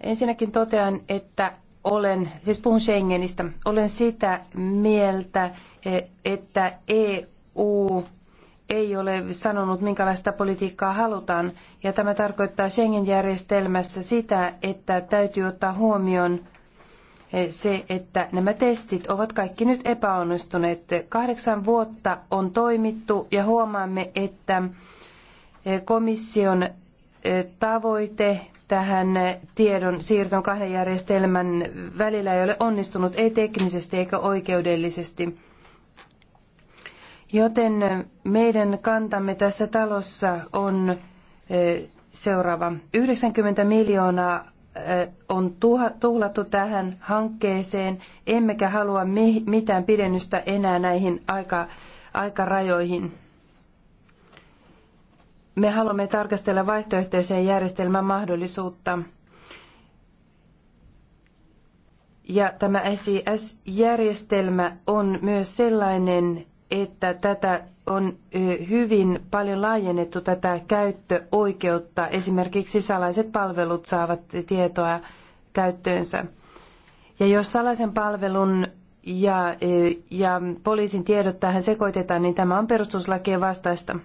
Ensinnäkin totean, että olen, siis puhun Schengenistä, olen sitä mieltä, e, että EU ei ole sanonut, minkälaista politiikkaa halutaan. Ja tämä tarkoittaa Schengen-järjestelmässä sitä, että täytyy ottaa huomioon Eh, se, että nämä testit ovat kaikki nyt epäonnistuneet. Kahdeksan vuotta on toimittu ja huomaamme, että eh, komission eh, tavoite tähän tiedon siirton kahden järjestelmän välillä ei ole onnistunut, ei teknisesti eikä oikeudellisesti. Joten meidän kantamme tässä talossa on seuraava. 90 miljoonaa on tuhlattu tähän hankkeeseen, emmekä halua mitään pidennystä enää näihin aika, aikarajoihin. Me haluamme tarkastella vaihtoehtoisen järjestelmän mahdollisuutta. Ja tämä SIS-järjestelmä on myös sellainen, että tätä on hyvin paljon laajennettu tätä käyttöoikeutta. Esimerkiksi salaiset palvelut saavat tietoa käyttöönsä. Ja jos salaisen palvelun ja, ja poliisin tiedot tähän sekoitetaan, niin tämä on perustuslakien vastaista.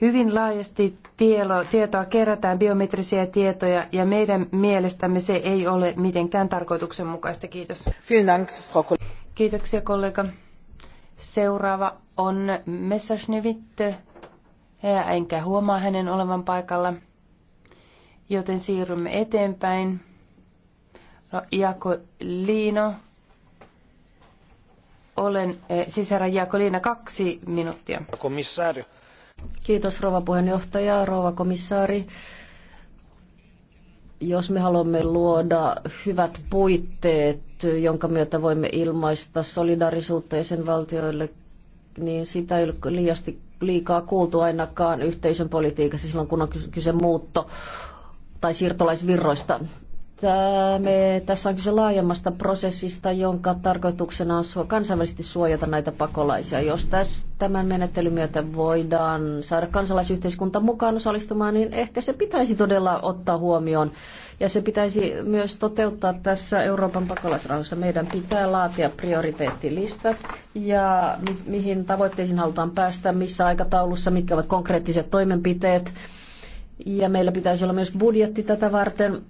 Hyvin laajasti tielo, tietoa kerätään, biometrisiä tietoja, ja meidän mielestämme se ei ole mitenkään tarkoituksenmukaista. Kiitos. Dank, Frau Kiitoksia kollega. Seuraava on Messerschmitt, enkä huomaa hänen olevan paikalla, joten siirrymme eteenpäin. No, olen olen eh, sisärä Jakolina, kaksi minuuttia. Komissaario. Kiitos rouva puheenjohtaja, rouva komissaari jos me haluamme luoda hyvät puitteet, jonka myötä voimme ilmaista solidarisuutta jäsenvaltioille, niin sitä ei ole liiasti liikaa kuultu ainakaan yhteisön politiikassa silloin, kun on kyse muutto- tai siirtolaisvirroista että me, tässä on kyse laajemmasta prosessista, jonka tarkoituksena on kansainvälisesti suojata näitä pakolaisia. Jos tässä, tämän menettelyn myötä voidaan saada kansalaisyhteiskunta mukaan osallistumaan, niin ehkä se pitäisi todella ottaa huomioon. Ja se pitäisi myös toteuttaa tässä Euroopan pakolaisrahoissa. Meidän pitää laatia prioriteettilista ja mi- mihin tavoitteisiin halutaan päästä, missä aikataulussa, mitkä ovat konkreettiset toimenpiteet. Ja meillä pitäisi olla myös budjetti tätä varten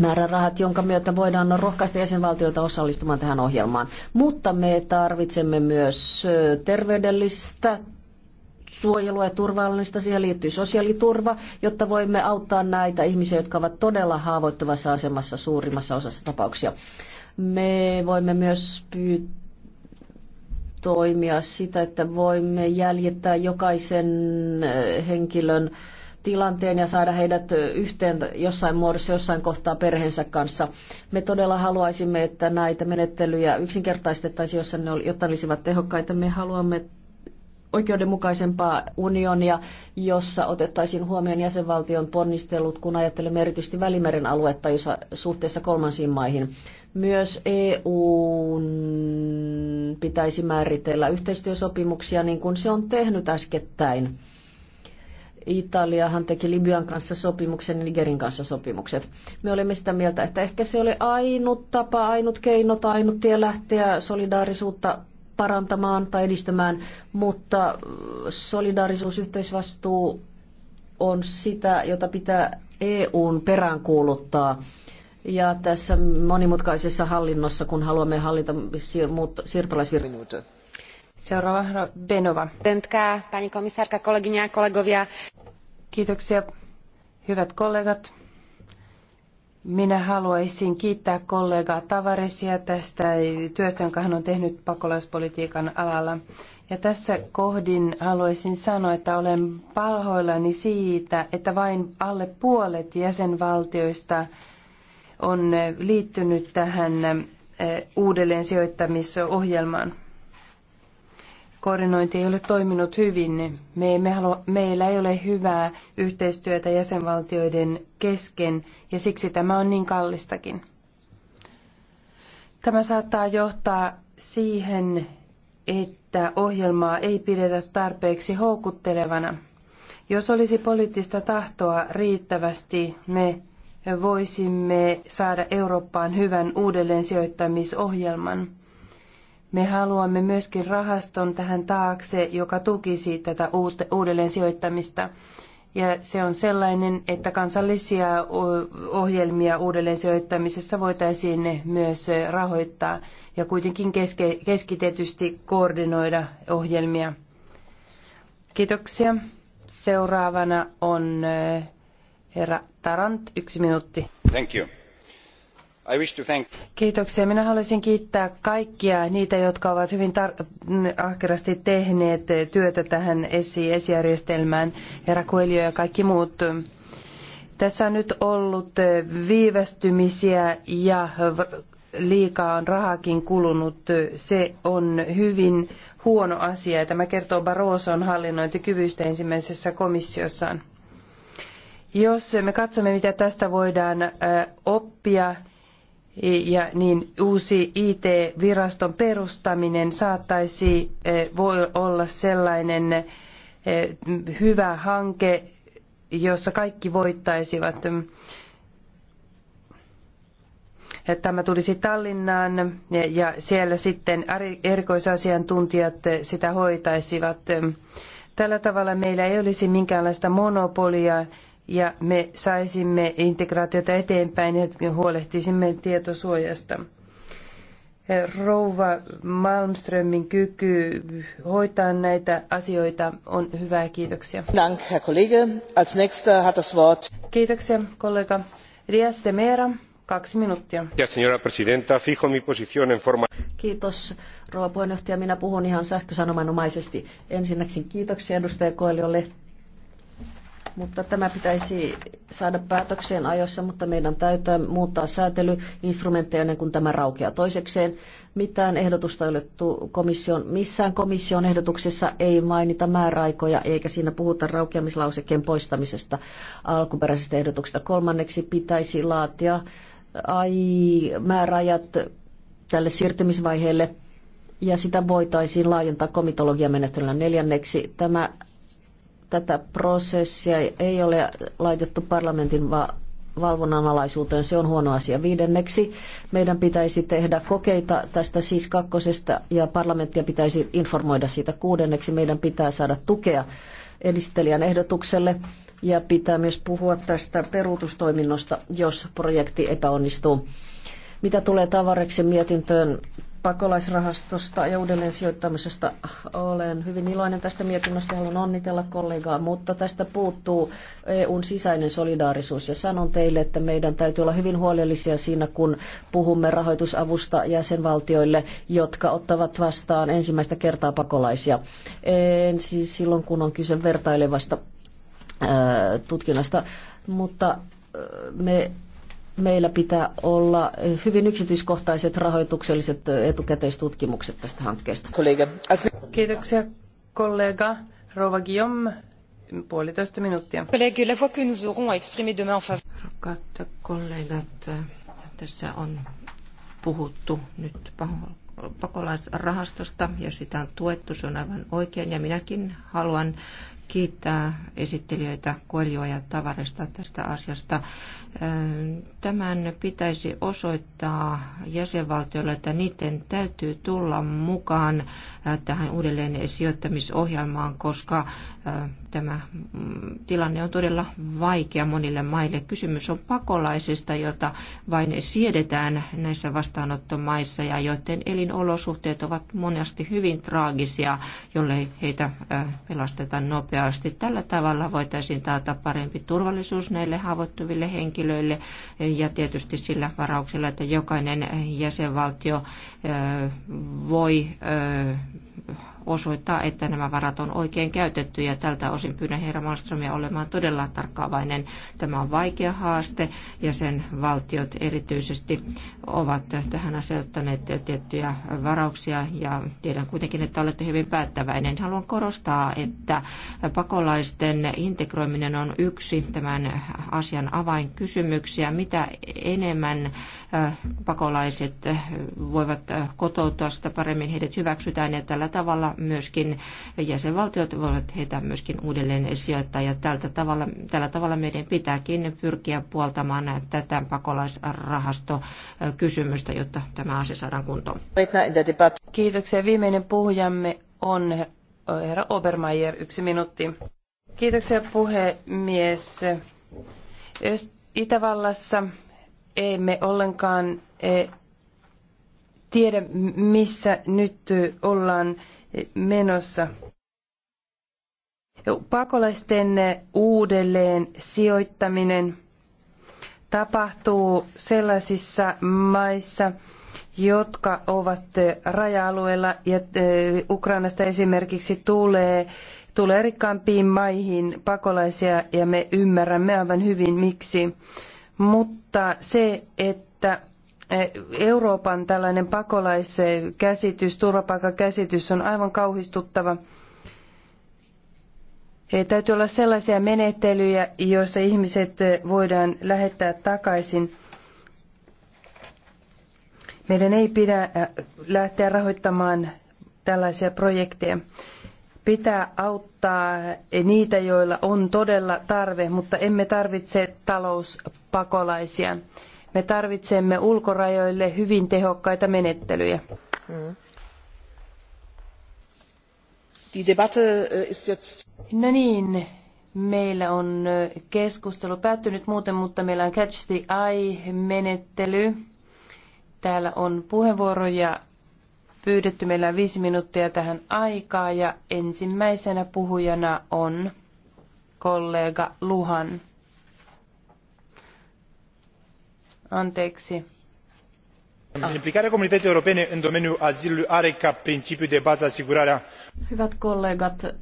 määrärahat, jonka myötä voidaan rohkaista jäsenvaltioita osallistumaan tähän ohjelmaan. Mutta me tarvitsemme myös terveydellistä suojelua ja turvallista, siihen liittyy sosiaaliturva, jotta voimme auttaa näitä ihmisiä, jotka ovat todella haavoittuvassa asemassa suurimmassa osassa tapauksia. Me voimme myös pyytää toimia sitä, että voimme jäljittää jokaisen henkilön äh, tilanteen ja saada heidät yhteen jossain muodossa, jossain kohtaa perheensä kanssa. Me todella haluaisimme, että näitä menettelyjä yksinkertaistettaisiin, jossa ne, jotta ne olisivat tehokkaita. Me haluamme oikeudenmukaisempaa unionia, jossa otettaisiin huomioon jäsenvaltion ponnistelut, kun ajattelemme erityisesti Välimeren aluetta jossa suhteessa kolmansiin maihin. Myös EU pitäisi määritellä yhteistyösopimuksia niin kuin se on tehnyt äskettäin Italiahan teki Libyan kanssa sopimuksen ja Nigerin kanssa sopimukset. Me olemme sitä mieltä, että ehkä se oli ainut tapa, ainut keino tai ainut tie lähteä solidaarisuutta parantamaan tai edistämään, mutta solidaarisuus, yhteisvastuu on sitä, jota pitää EUn peräänkuuluttaa. Ja tässä monimutkaisessa hallinnossa, kun haluamme hallita siirtolaisvirtoja. Seuraava Benova. Pani komissaarka, kolleginia kollegovia. Kiitoksia, hyvät kollegat. Minä haluaisin kiittää kollegaa Tavaresia tästä työstä, jonka hän on tehnyt pakolaispolitiikan alalla. Ja tässä kohdin haluaisin sanoa, että olen palhoillani siitä, että vain alle puolet jäsenvaltioista on liittynyt tähän eh, uudelleensijoittamisohjelmaan. sijoittamisohjelmaan koordinointi ei ole toiminut hyvin. Me emme halua, meillä ei ole hyvää yhteistyötä jäsenvaltioiden kesken ja siksi tämä on niin kallistakin. Tämä saattaa johtaa siihen, että ohjelmaa ei pidetä tarpeeksi houkuttelevana. Jos olisi poliittista tahtoa riittävästi, me voisimme saada Eurooppaan hyvän uudelleensijoittamisohjelman. Me haluamme myöskin rahaston tähän taakse, joka tukisi tätä uudelleen sijoittamista. Ja se on sellainen, että kansallisia ohjelmia uudelleen sijoittamisessa voitaisiin myös rahoittaa ja kuitenkin keske, keskitetysti koordinoida ohjelmia. Kiitoksia. Seuraavana on eh, herra Tarant, yksi minuutti. Thank you. I wish to thank... Kiitoksia. Minä haluaisin kiittää kaikkia niitä, jotka ovat hyvin mm, ahkerasti tehneet työtä tähän esijärjestelmään, herra Coelho ja kaikki muut. Tässä on nyt ollut eh, viivästymisiä ja liikaa on rahakin kulunut. Se on hyvin huono asia ja tämä kertoo Barroson hallinnointikyvystä ensimmäisessä komissiossaan. Jos me katsomme, mitä tästä voidaan eh, oppia, ja niin uusi IT-viraston perustaminen saattaisi eh, voi olla sellainen eh, hyvä hanke, jossa kaikki voittaisivat. Tämä tulisi Tallinnaan ja siellä sitten erikoisasiantuntijat eh, sitä hoitaisivat. Tällä tavalla meillä ei olisi minkäänlaista monopolia ja me saisimme integraatiota eteenpäin ja huolehtisimme tietosuojasta. Rouva Malmströmin kyky hoitaa näitä asioita on hyvä kiitoksia. Dank, Herr Kollege. Als nächster hat das Wort. Kiitoksia, kollega. Dias de Mera, kaksi minuuttia. Ja, señora presidenta, fijo mi posición en forma... Kiitos, rouva puheenjohtaja. Minä puhun ihan sähkösanomanomaisesti. Ensinnäkin kiitoksia edustaja Koeliolle mutta tämä pitäisi saada päätökseen ajoissa, mutta meidän täytyy muuttaa säätelyinstrumentteja ennen kuin tämä raukeaa. Toisekseen mitään ehdotusta ei ole komission, missään komission ehdotuksessa ei mainita määräaikoja eikä siinä puhuta raukeamislausekkeen poistamisesta alkuperäisestä ehdotuksesta. Kolmanneksi pitäisi laatia ai, määräajat tälle siirtymisvaiheelle ja sitä voitaisiin laajentaa komitologiamenettelyllä neljänneksi. Tämä tätä prosessia ei ole laitettu parlamentin va- valvonnan alaisuuteen, se on huono asia. Viidenneksi meidän pitäisi tehdä kokeita tästä siis kakkosesta ja parlamenttia pitäisi informoida siitä. Kuudenneksi meidän pitää saada tukea edistelijän ehdotukselle ja pitää myös puhua tästä peruutustoiminnosta, jos projekti epäonnistuu. Mitä tulee tavareksi mietintöön, pakolaisrahastosta ja uudelleensijoittamisesta. sijoittamisesta. Olen hyvin iloinen tästä mietinnöstä ja haluan onnitella kollegaa, mutta tästä puuttuu EUn sisäinen solidaarisuus. Ja sanon teille, että meidän täytyy olla hyvin huolellisia siinä, kun puhumme rahoitusavusta jäsenvaltioille, jotka ottavat vastaan ensimmäistä kertaa pakolaisia. En siis silloin, kun on kyse vertailevasta tutkinnasta, mutta me meillä pitää olla hyvin yksityiskohtaiset rahoitukselliset etukäteistutkimukset tästä hankkeesta. Kiitoksia kollega Rova Guillaume. Puolitoista minuuttia. Rakkaat kollegat, tässä on puhuttu nyt pakolaisrahastosta ja sitä on tuettu, se on aivan oikein ja minäkin haluan kiittää esittelijöitä Koeljoa ja Tavarista tästä asiasta. Tämän pitäisi osoittaa jäsenvaltioille, että niiden täytyy tulla mukaan tähän uudelleen sijoittamisohjelmaan, koska tämä mm, tilanne on todella vaikea monille maille. Kysymys on pakolaisista, jota vain siedetään näissä vastaanottomaissa ja joiden elinolosuhteet ovat monesti hyvin traagisia, jollei heitä pelasteta nopeasti. Tällä tavalla voitaisiin taata parempi turvallisuus näille haavoittuville henkilöille henkilöille ja tietysti sillä varauksella, että jokainen jäsenvaltio voi osoittaa, että nämä varat on oikein käytetty ja tältä osin pyydän herra Malmströmiä olemaan todella tarkkaavainen. Tämä on vaikea haaste ja sen valtiot erityisesti ovat tähän asettaneet tiettyjä varauksia ja tiedän kuitenkin, että olette hyvin päättäväinen. Haluan korostaa, että pakolaisten integroiminen on yksi tämän asian avainkysymyksiä. Mitä enemmän pakolaiset voivat kotoutua, sitä paremmin heidät hyväksytään ja tällä tavalla myöskin jäsenvaltiot voivat heitä myöskin uudelleen sijoittaa. Ja tältä tavalla, tällä tavalla meidän pitääkin pyrkiä puoltamaan tätä pakolaisrahastokysymystä, jotta tämä asia saadaan kuntoon. Kiitoksia. Viimeinen puhujamme on herra Obermeier, yksi minuutti. Kiitoksia puhemies. Itävallassa emme ollenkaan eh, tiedä, missä nyt ollaan menossa. Pakolaisten uudelleen sijoittaminen tapahtuu sellaisissa maissa, jotka ovat raja-alueella ja Ukrainasta esimerkiksi tulee, tulee rikkaampiin maihin pakolaisia ja me ymmärrämme aivan hyvin miksi. Mutta se, että Eh, Euroopan tällainen pakolaiskäsitys, turvapaikkakäsitys on aivan kauhistuttava. Täytyy olla sellaisia menettelyjä, joissa ihmiset eh, voidaan lähettää takaisin. Meidän ei pidä eh, lähteä rahoittamaan tällaisia projekteja. Pitää auttaa niitä, joilla on todella tarve, mutta emme tarvitse talouspakolaisia. Me tarvitsemme ulkorajoille hyvin tehokkaita menettelyjä. Die Debatte äh, ist jetzt... No niin, meillä on äh, keskustelu päättynyt muuten, mutta meillä on Catch the Eye-menettely. Täällä on puheenvuoroja pyydetty. Meillä on viisi minuuttia tähän aikaa ja ensimmäisenä puhujana on kollega Luhan. Anteeksi. Implicarea comunității europene în domeniul azilului are ca principiu de bază asigurarea... Hyvät kollegat,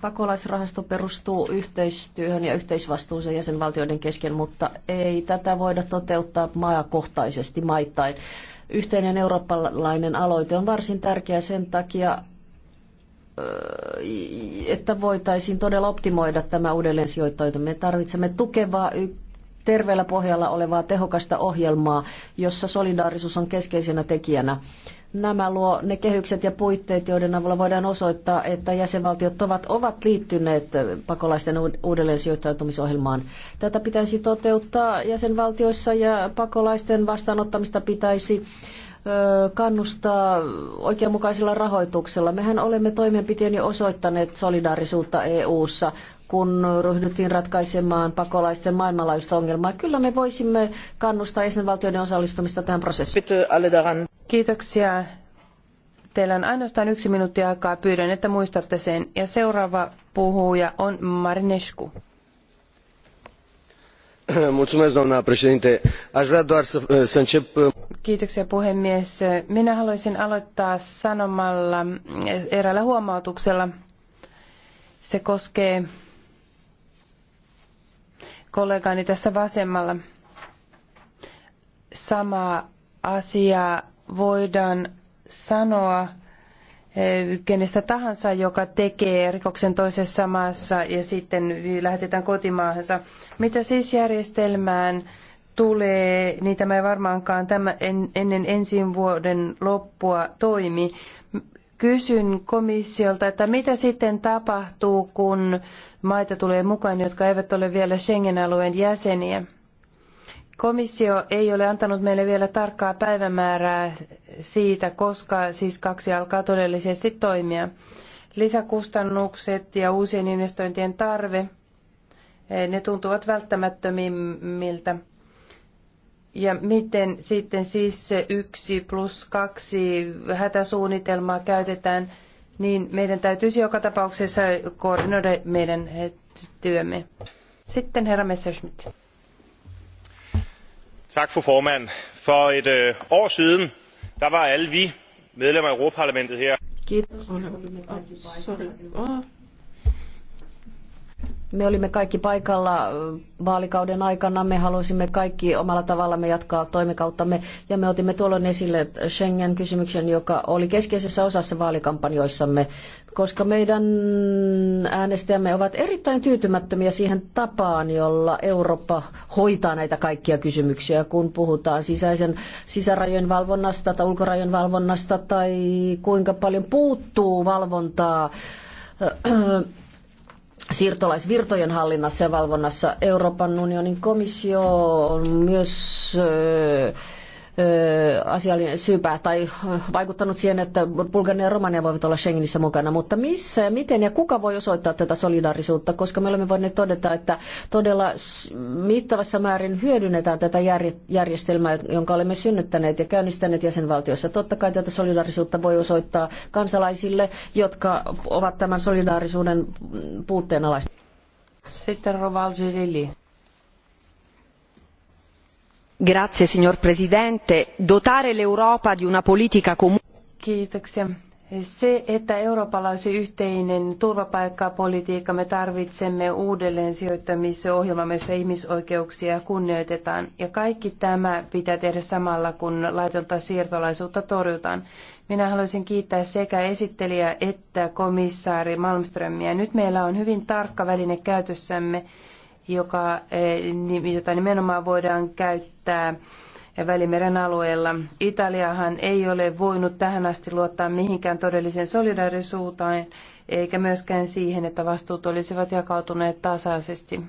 pakolaisrahasto perustuu yhteistyöhön ja yhteisvastuuseen jäsenvaltioiden kesken, mutta ei tätä voida toteuttaa maakohtaisesti maittain. Yhteinen eurooppalainen aloite on varsin tärkeä sen takia, että voitaisiin todella optimoida tämä uudelleen sijoittautuminen. Me tarvitsemme tukevaa terveellä pohjalla olevaa tehokasta ohjelmaa, jossa solidaarisuus on keskeisenä tekijänä. Nämä luo ne kehykset ja puitteet, joiden avulla voidaan osoittaa, että jäsenvaltiot ovat, ovat liittyneet pakolaisten uudelleen sijoittautumisohjelmaan. Tätä pitäisi toteuttaa jäsenvaltioissa ja pakolaisten vastaanottamista pitäisi kannustaa oikeanmukaisella rahoituksella. Mehän olemme toimenpiteen jo osoittaneet solidaarisuutta EU-ssa kun ryhdyttiin ratkaisemaan pakolaisten maailmanlaajuista ongelmaa. Kyllä me voisimme kannustaa jäsenvaltioiden osallistumista tähän prosessiin. Kiitoksia. Teillä on ainoastaan yksi minuutti aikaa. Pyydän, että muistatte sen. Ja seuraava puhuja on Marinescu. <clears throat> Uh, Kiitoksia puhemies. Minä haluaisin aloittaa sanomalla eh, eräällä huomautuksella. Se koskee kollegani tässä vasemmalla. Samaa asiaa voidaan sanoa eh, kenestä tahansa, joka tekee rikoksen toisessa maassa ja sitten lähetetään kotimaahansa. Mitä siis järjestelmään tulee, niin tämä ei varmaankaan tämä ennen ensi vuoden loppua toimi kysyn komissiolta, että mitä sitten tapahtuu, kun maita tulee mukaan, jotka eivät ole vielä Schengen-alueen jäseniä. Komissio ei ole antanut meille vielä tarkkaa päivämäärää siitä, koska siis kaksi alkaa todellisesti toimia. Lisäkustannukset ja uusien investointien tarve, eh, ne tuntuvat välttämättömimmiltä ja miten sitten siis se yksi plus kaksi hätäsuunnitelmaa käytetään, niin meidän täytyisi joka tapauksessa koordinoida meidän työmme. Sitten herra Messerschmidt. Tak fru formand. For et øh, år siden, der var alle vi medlemmer af Europaparlamentet her. Oh, sorry. Oh, me olimme kaikki paikalla vaalikauden aikana, me halusimme kaikki omalla tavallamme jatkaa toimikauttamme ja me otimme tuolloin esille Schengen-kysymyksen, joka oli keskeisessä osassa vaalikampanjoissamme, koska meidän äänestäjämme ovat erittäin tyytymättömiä siihen tapaan, jolla Eurooppa hoitaa näitä kaikkia kysymyksiä, kun puhutaan sisäisen sisärajojen valvonnasta tai ulkorajojen valvonnasta tai kuinka paljon puuttuu valvontaa siirtolaisvirtojen hallinnassa ja valvonnassa. Euroopan unionin komissio on myös asiallinen syypää tai vaikuttanut siihen, että Bulgaria ja Romania voivat olla Schengenissä mukana, mutta missä, miten ja kuka voi osoittaa tätä solidaarisuutta, koska me olemme voineet todeta, että todella mittavassa määrin hyödynnetään tätä järjestelmää, jonka olemme synnyttäneet ja käynnistäneet jäsenvaltioissa. Totta kai tätä solidaarisuutta voi osoittaa kansalaisille, jotka ovat tämän solidaarisuuden puutteen alaisia. Sitten Roval Grazie, signor Presidente. Dotare l'Europa di una politica comune. Kiitoksia. Se, että Euroopalla eurooppalaisen yhteinen turvapaikkapolitiikka me tarvitsemme uudelleen sijoittamisohjelman, jossa ihmisoikeuksia kunnioitetaan. Ja kaikki tämä pitää tehdä samalla, kun laitonta siirtolaisuutta torjutaan. Minä haluaisin kiittää sekä esittelijä että komissaari Malmströmiä. Nyt meillä on hyvin tarkka väline käytössämme joka, eh, jota nimenomaan voidaan käyttää Välimeren alueella. Italiahan ei ole voinut tähän asti luottaa mihinkään todelliseen solidaarisuuteen, eikä myöskään siihen, että vastuut olisivat jakautuneet tasaisesti.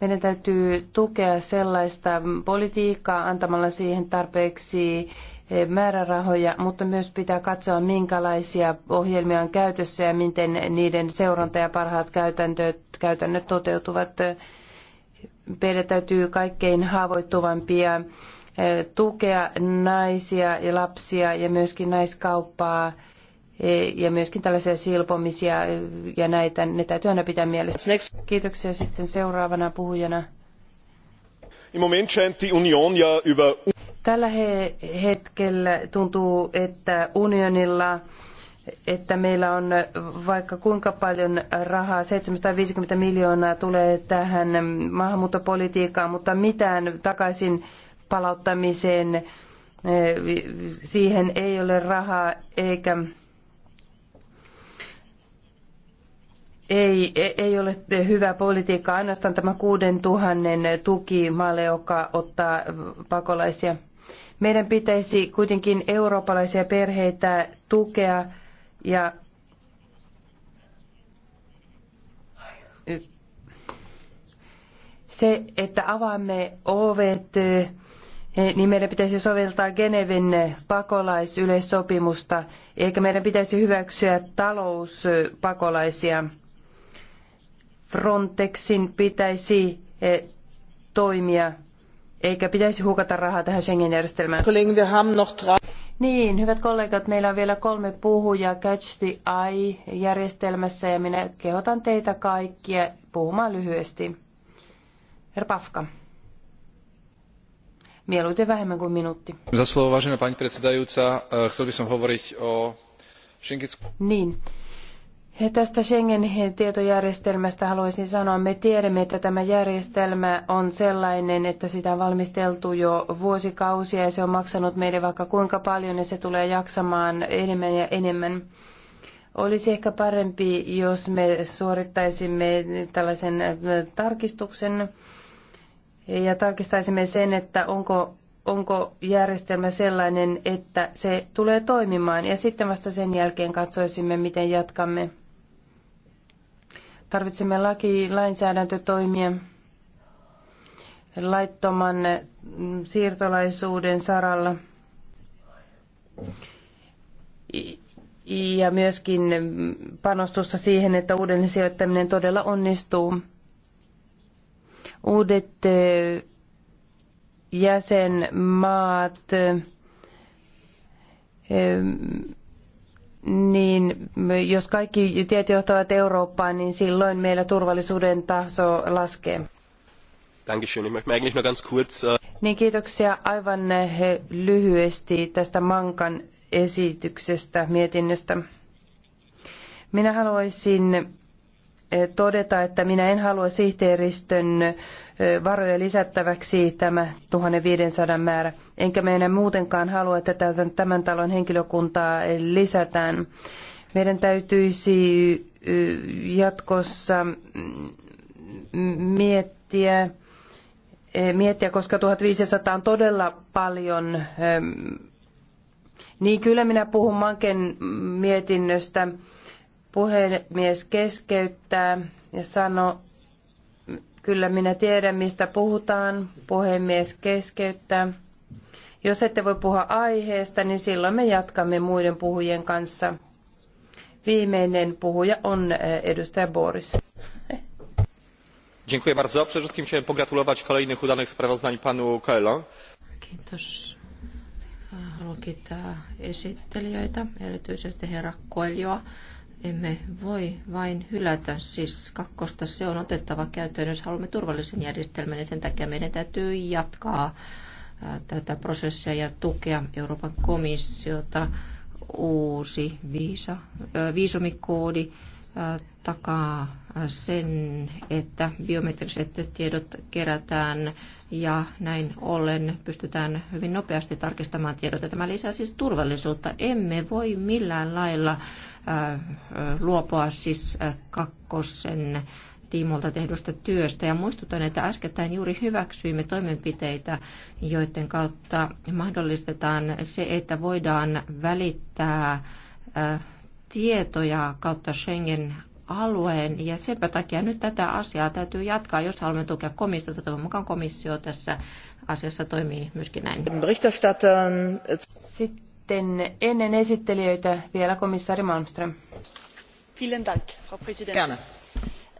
Meidän täytyy tukea sellaista politiikkaa antamalla siihen tarpeeksi eh, määrärahoja, mutta myös pitää katsoa, minkälaisia ohjelmia on käytössä ja miten niiden seuranta ja parhaat käytännöt, käytännöt toteutuvat meidän täytyy kaikkein haavoittuvampia eh, tukea naisia ja lapsia ja myöskin naiskauppaa eh, ja myöskin tällaisia silpomisia eh, ja näitä, ne täytyy aina pitää mielessä. Kiitoksia sitten seuraavana puhujana. Tällä hetkellä tuntuu, että unionilla että meillä on vaikka kuinka paljon rahaa, 750 miljoonaa tulee tähän maahanmuuttopolitiikkaan, mutta mitään takaisin palauttamiseen, eh, siihen ei ole rahaa eikä ei, ei ole hyvä politiikka, ainoastaan tämä 6000 tuki maalle, joka ottaa pakolaisia. Meidän pitäisi kuitenkin eurooppalaisia perheitä tukea ja se, että avaamme ovet, e, niin meidän pitäisi soveltaa Geneven pakolaisyleissopimusta, eikä meidän pitäisi hyväksyä talouspakolaisia. Frontexin pitäisi e, toimia, eikä pitäisi hukata rahaa tähän Schengen-järjestelmään. Niin, hyvät kollegat, meillä on vielä kolme puhujaa Catch the Eye-järjestelmässä ja minä kehotan teitä kaikkia puhumaan lyhyesti. Herra Pafka. Mieluiten vähemmän kuin minuutti. Za slovo, vážená pani predsedajúca. Eh, chcel by som hovoriť o Niin, Tästä Schengen-tietojärjestelmästä haluaisin sanoa, me tiedämme, että tämä järjestelmä on sellainen, että sitä on valmisteltu jo vuosikausia ja se on maksanut meille vaikka kuinka paljon ja se tulee jaksamaan enemmän ja enemmän. Olisi ehkä parempi, jos me suorittaisimme tällaisen äh, tarkistuksen ja tarkistaisimme sen, että onko onko järjestelmä sellainen, että se tulee toimimaan ja sitten vasta sen jälkeen katsoisimme, miten jatkamme. Tarvitsemme laki, lainsäädäntötoimia laittoman mm, siirtolaisuuden saralla ja myöskin mm, panostusta siihen, että uuden sijoittaminen todella onnistuu. Uudet jäsenmaat niin jos kaikki tiet johtavat Eurooppaan, niin silloin meillä turvallisuuden taso laskee. Dankeschön. Ich möchte eigentlich nur ganz kurz, äh, Niin kiitoksia aivan äh, lyhyesti tästä Mankan esityksestä, mietinnöstä. Minä haluaisin äh, todeta, että minä en halua sihteeristön varoja lisättäväksi tämä 1500 määrä. Enkä me muutenkaan halua, että tämän talon henkilökuntaa lisätään. Meidän täytyisi jatkossa miettiä, miettiä, koska 1500 on todella paljon. Niin kyllä minä puhun Manken mietinnöstä. Puhemies keskeyttää ja sanoo, Kyllä minä tiedän, mistä puhutaan. Puhemies keskeyttää. Jos ette voi puhua aiheesta, niin silloin me jatkamme muiden puhujien kanssa. Viimeinen puhuja on edustaja Boris. Dziękuję bardzo. Przede wszystkim chciałem pogratulować kolejnych udanych sprawozdań panu Coelho. Kiitos. Haluan kiittää esittelijöitä, erityisesti herra Coelhoa emme voi vain hylätä, siis kakkosta se on otettava käyttöön, jos haluamme turvallisen järjestelmän, niin sen takia meidän täytyy jatkaa tätä prosessia ja tukea Euroopan komissiota uusi viisa, viisumikoodi takaa sen, että biometriset tiedot kerätään ja näin ollen pystytään hyvin nopeasti tarkistamaan tiedot. Tämä lisää siis turvallisuutta. Emme voi millään lailla Äh, äh, luopua siis äh, kakkosen tiimolta tehdystä työstä. Ja muistutan, että äskettäin juuri hyväksyimme toimenpiteitä, joiden kautta mahdollistetaan se, että voidaan välittää tietoja kautta Schengen alueen ja senpä takia nyt tätä asiaa täytyy jatkaa, jos haluamme tukea komissiota. Toivon mukaan komissio tässä asiassa toimii myöskin näin. Sitten sitten ennen esittelijöitä vielä komissaari Malmström. Vielen Dank, Frau Präsidentin.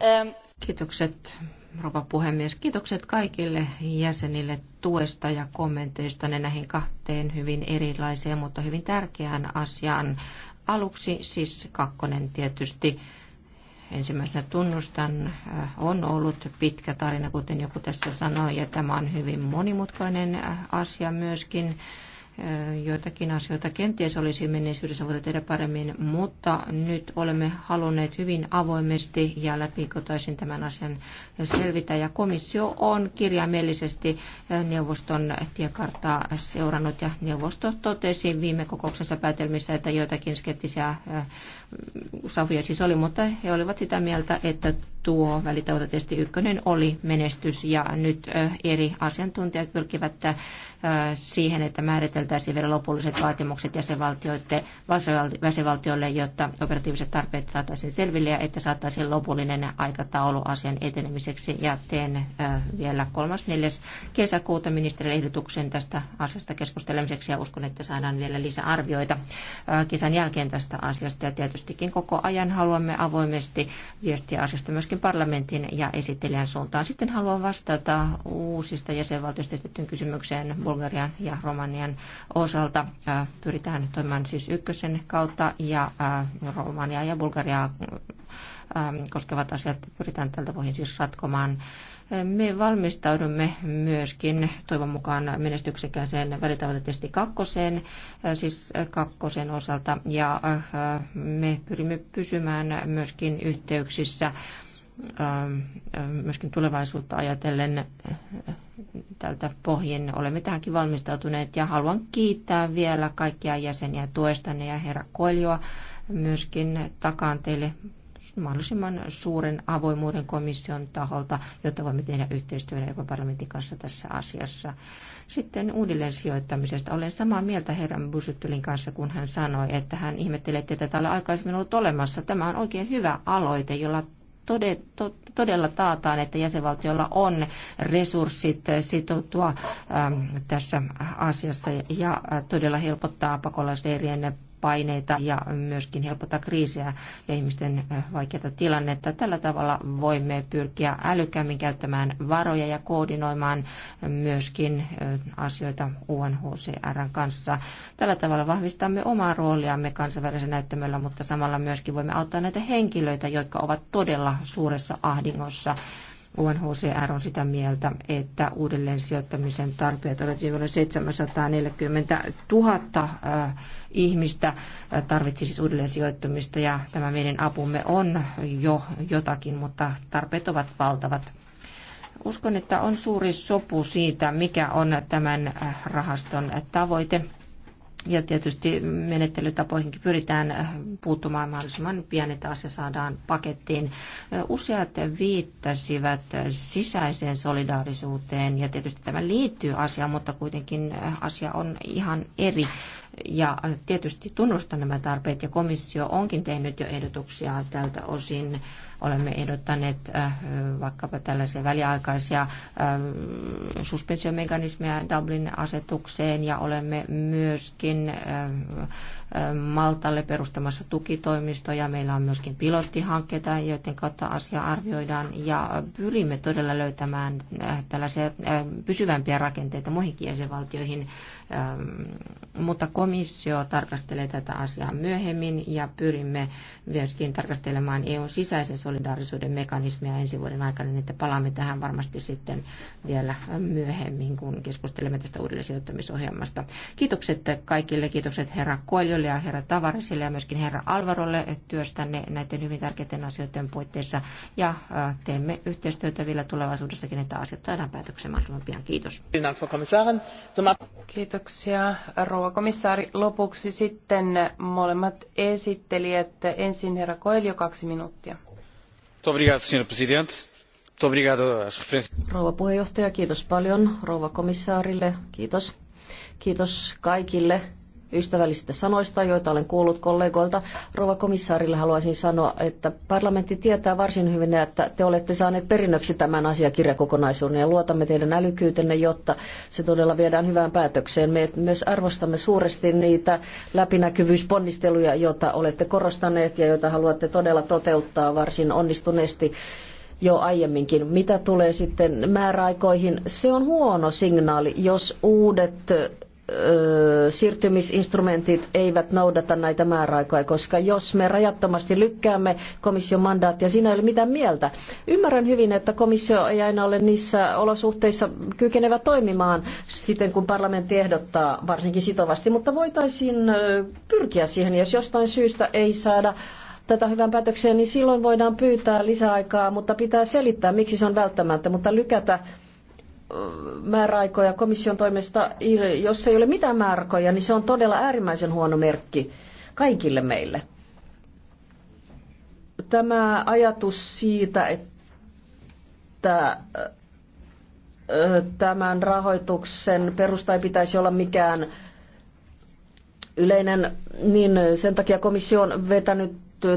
Ähm, Kiitokset, rouva puhemies. Kiitokset kaikille jäsenille tuesta ja kommenteista ne näihin kahteen hyvin erilaiseen, mutta hyvin tärkeään asiaan. Aluksi siis kakkonen tietysti ensimmäisenä tunnustan, äh, on ollut pitkä tarina, kuten joku tässä sanoi, ja tämä on hyvin monimutkainen äh, asia myöskin joitakin asioita kenties olisi menneisyydessä voitu tehdä paremmin, mutta nyt olemme halunneet hyvin avoimesti ja läpikotaisin tämän asian selvitä. Ja komissio on kirjaimellisesti neuvoston tiekarttaa seurannut ja neuvosto totesi viime kokouksensa päätelmissä, että joitakin skeptisiä savuja siis oli, mutta he olivat sitä mieltä, että tuo välitavoitetesti ykkönen oli menestys ja nyt eri asiantuntijat pyrkivät siihen, että määriteltäisiin vielä lopulliset vaatimukset jäsenvaltioille, jotta operatiiviset tarpeet saataisiin selville ja että saataisiin lopullinen aikataulu asian etenemiseksi. Ja teen vielä 3.4. kesäkuuta ministerille ehdotuksen tästä asiasta keskustelemiseksi ja uskon, että saadaan vielä lisäarvioita kesän jälkeen tästä asiasta. Ja tietystikin koko ajan haluamme avoimesti viestiä asiasta myös myöskin parlamentin ja esittelijän suuntaan. Sitten haluan vastata uusista jäsenvaltioista esitettyyn kysymykseen Bulgarian ja Romanian osalta. Pyritään toimimaan siis ykkösen kautta ja Romania ja Bulgaria koskevat asiat pyritään tältä pohjin siis ratkomaan. Me valmistaudumme myöskin toivon mukaan menestyksekäiseen välitavoitetesti kakkoseen, siis kakkosen osalta, ja me pyrimme pysymään myöskin yhteyksissä myöskin tulevaisuutta ajatellen tältä pohjin olemme tähänkin valmistautuneet ja haluan kiittää vielä kaikkia jäseniä tuestanne ja herra Koiljoa myöskin takaan teille mahdollisimman suuren avoimuuden komission taholta, jotta voimme tehdä yhteistyötä Euroopan parlamentin kanssa tässä asiassa. Sitten uudelleen sijoittamisesta. Olen samaa mieltä herran Busuttylin kanssa, kun hän sanoi, että hän ihmettelee, että tätä ole aikaisemmin ollut olemassa. Tämä on oikein hyvä aloite, jolla tode, to, todella taataan, että jäsenvaltioilla on resurssit sitoutua tässä asiassa ja todella helpottaa pakolaisleirien paineita ja myöskin helpottaa kriisiä ja ihmisten vaikeata tilannetta. Tällä tavalla voimme pyrkiä älykkäämmin käyttämään varoja ja koordinoimaan myöskin asioita UNHCRn kanssa. Tällä tavalla vahvistamme omaa rooliamme kansainvälisen näyttämöllä, mutta samalla myöskin voimme auttaa näitä henkilöitä, jotka ovat todella suuressa ahdingossa UNHCR on sitä mieltä, että uudelleen sijoittamisen tarpeet ovat vielä 740 000 ihmistä äh, tarvitsisi siis uudelleen sijoittamista ja tämä meidän apumme on jo jotakin, mutta tarpeet ovat valtavat. Uskon, että on suuri sopu siitä, mikä on tämän äh, rahaston tavoite ja tietysti menettelytapoihinkin pyritään äh, puuttumaan mahdollisimman pian, että asia saadaan pakettiin. Äh, useat viittasivat äh, sisäiseen solidaarisuuteen ja tietysti tämä liittyy asiaan, mutta kuitenkin asia on ihan eri. Ja tietysti tunnustan nämä tarpeet ja komissio onkin tehnyt jo ehdotuksia tältä osin Olemme ehdottaneet äh, vaikkapa tällaisia väliaikaisia äh, suspensiomekanismeja Dublin-asetukseen ja olemme myöskin äh, Maltalle perustamassa tukitoimistoja. Meillä on myöskin pilottihankkeita, joiden kautta asia arvioidaan ja pyrimme todella löytämään tällaisia pysyvämpiä rakenteita muihinkin jäsenvaltioihin Ähm, mutta komissio tarkastelee tätä asiaa myöhemmin ja pyrimme myöskin tarkastelemaan EUn sisäisen solidaarisuuden mekanismia ensi vuoden aikana, niin että palaamme tähän varmasti sitten vielä myöhemmin, kun keskustelemme tästä uudelleen sijoittamisohjelmasta. Kiitokset kaikille, kiitokset herra Koiljolle ja herra Tavarisille ja myöskin herra Alvarolle työstänne näiden hyvin tärkeiden asioiden puitteissa ja äh, teemme yhteistyötä vielä tulevaisuudessakin, että asiat saadaan päätökseen mahdollisimman pian. Kiitos. Kiitos. Kiitoksia, rouva komissaari. Lopuksi sitten molemmat esittelijät. Ensin herra Koelio, kaksi minuuttia. Rouva puheenjohtaja, kiitos paljon. Rouva komissaarille, kiitos. Kiitos kaikille ystävällisistä sanoista, joita olen kuullut kollegoilta. Rouva komissaarille haluaisin sanoa, että parlamentti tietää varsin hyvin, että te olette saaneet perinnöksi tämän asiakirjakokonaisuuden ja luotamme teidän älykkyytenne, jotta se todella viedään hyvään päätökseen. Me myös arvostamme suuresti niitä läpinäkyvyysponnisteluja, joita olette korostaneet ja joita haluatte todella toteuttaa varsin onnistuneesti jo aiemminkin. Mitä tulee sitten määräaikoihin, se on huono signaali, jos uudet siirtymisinstrumentit eivät noudata näitä määräaikoja, koska jos me rajattomasti lykkäämme komission mandaattia, siinä ei ole mitään mieltä. Ymmärrän hyvin, että komissio ei aina ole niissä olosuhteissa kykenevä toimimaan siten, kun parlamentti ehdottaa varsinkin sitovasti, mutta voitaisiin pyrkiä siihen, jos jostain syystä ei saada tätä hyvän päätökseen, niin silloin voidaan pyytää lisäaikaa, mutta pitää selittää, miksi se on välttämättä, mutta lykätä määräaikoja komission toimesta, jos ei ole mitään määräaikoja, niin se on todella äärimmäisen huono merkki kaikille meille. Tämä ajatus siitä, että tämän rahoituksen perusta ei pitäisi olla mikään yleinen, niin sen takia komissio on vetänyt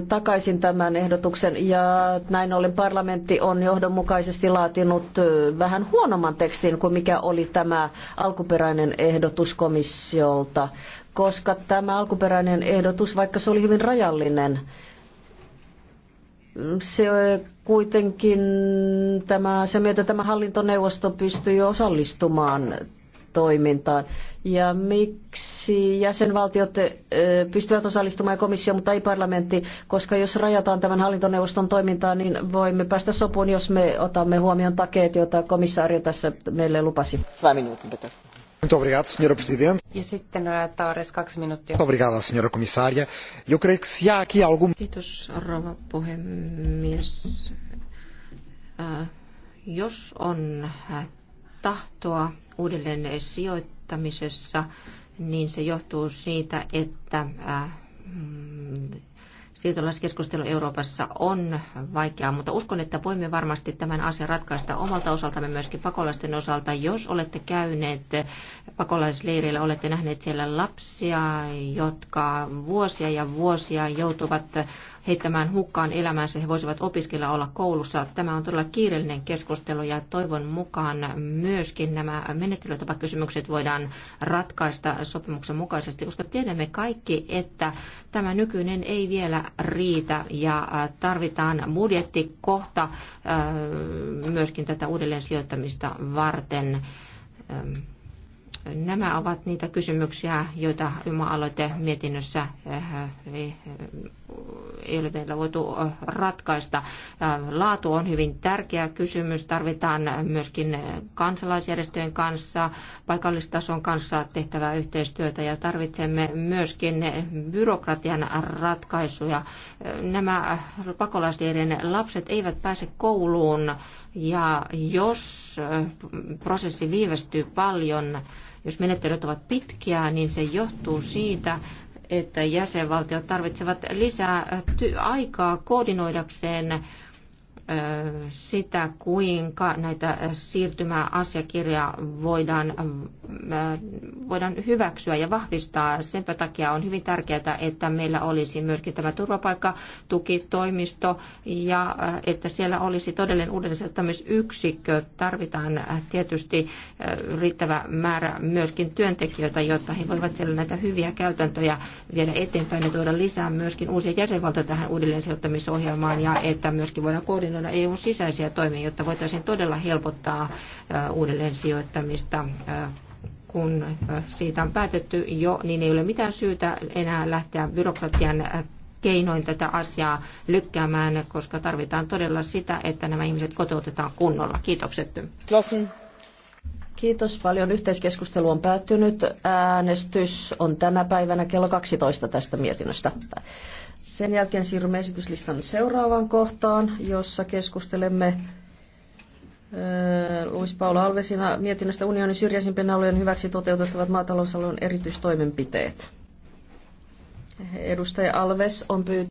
takaisin tämän ehdotuksen ja näin ollen parlamentti on johdonmukaisesti laatinut vähän huonomman tekstin kuin mikä oli tämä alkuperäinen ehdotus komissiolta, koska tämä alkuperäinen ehdotus, vaikka se oli hyvin rajallinen, se kuitenkin tämä, sen myötä tämä hallintoneuvosto pystyy osallistumaan toimintaan ja miksi jäsenvaltiot pystyvät osallistumaan komissio, mutta ei parlamentti, koska jos rajataan tämän hallintoneuvoston toimintaa, niin voimme päästä sopuun, jos me otamme huomioon takeet, joita komissaario tässä meille lupasi. Ja sitten e Torres, kaksi minuuttia. Obrigado, signora komissaria. Eu creio que se há aqui algum... Kiitos, rouva puhemies. Äh, jos on äh, tahtoa uudelleen sijoittaa, kirjoittamisessa, niin se johtuu siitä, että äh, mm, siirtolaiskeskustelu Euroopassa on vaikeaa, mutta uskon, että voimme varmasti tämän asian ratkaista omalta osaltamme myöskin pakolaisten osalta. Jos olette käyneet pakolaisleireillä, olette nähneet siellä lapsia, jotka vuosia ja vuosia joutuvat heittämään hukkaan elämänsä. He voisivat opiskella olla koulussa. Tämä on todella kiireellinen keskustelu ja toivon mukaan myöskin nämä menettelytapakysymykset voidaan ratkaista sopimuksen mukaisesti, koska tiedämme kaikki, että tämä nykyinen ei vielä riitä ja tarvitaan budjettikohta myöskin tätä uudelleen sijoittamista varten. Nämä ovat niitä kysymyksiä, joita Yma-aloite mietinnössä eh, ei, eh, ei ole vielä voitu eh, ratkaista. Laatu on hyvin tärkeä kysymys. Tarvitaan myöskin kansalaisjärjestöjen kanssa, paikallistason kanssa tehtävää yhteistyötä ja tarvitsemme myöskin byrokratian ratkaisuja. Nämä pakolaisleirien lapset eivät pääse kouluun ja jos prosessi viivästyy paljon, jos menettelyt ovat pitkiä, niin se johtuu siitä, että jäsenvaltiot tarvitsevat lisää aikaa koordinoidakseen sitä, kuinka näitä siirtymäasiakirjaa voidaan, voidaan hyväksyä ja vahvistaa. Sen takia on hyvin tärkeää, että meillä olisi myöskin tämä turvapaikkatukitoimisto ja että siellä olisi todellinen uudelleensijoittamisyksikkö. Tarvitaan tietysti riittävä määrä myöskin työntekijöitä, jotta he voivat siellä näitä hyviä käytäntöjä viedä eteenpäin ja tuoda lisää myöskin uusia jäsenvaltoja tähän uudelleensijoittamisohjelmaan ja että myöskin voidaan koordinoida täytäntöönpanona EUn sisäisiä toimia, jotta voitaisiin todella helpottaa uudelleen sijoittamista kun siitä on päätetty jo, niin ei ole mitään syytä enää lähteä byrokratian keinoin tätä asiaa lykkäämään, koska tarvitaan todella sitä, että nämä ihmiset kotoutetaan kunnolla. Kiitokset. Klassen. Kiitos paljon. Yhteiskeskustelu on päättynyt. Äänestys on tänä päivänä kello 12 tästä mietinnöstä. Sen jälkeen siirrymme esityslistan seuraavaan kohtaan, jossa keskustelemme Luis Paula Alvesina mietinnöstä unionin syrjäisimpien alueen hyväksi toteutettavat maatalousalueen erityistoimenpiteet. Edustaja Alves on pyytänyt.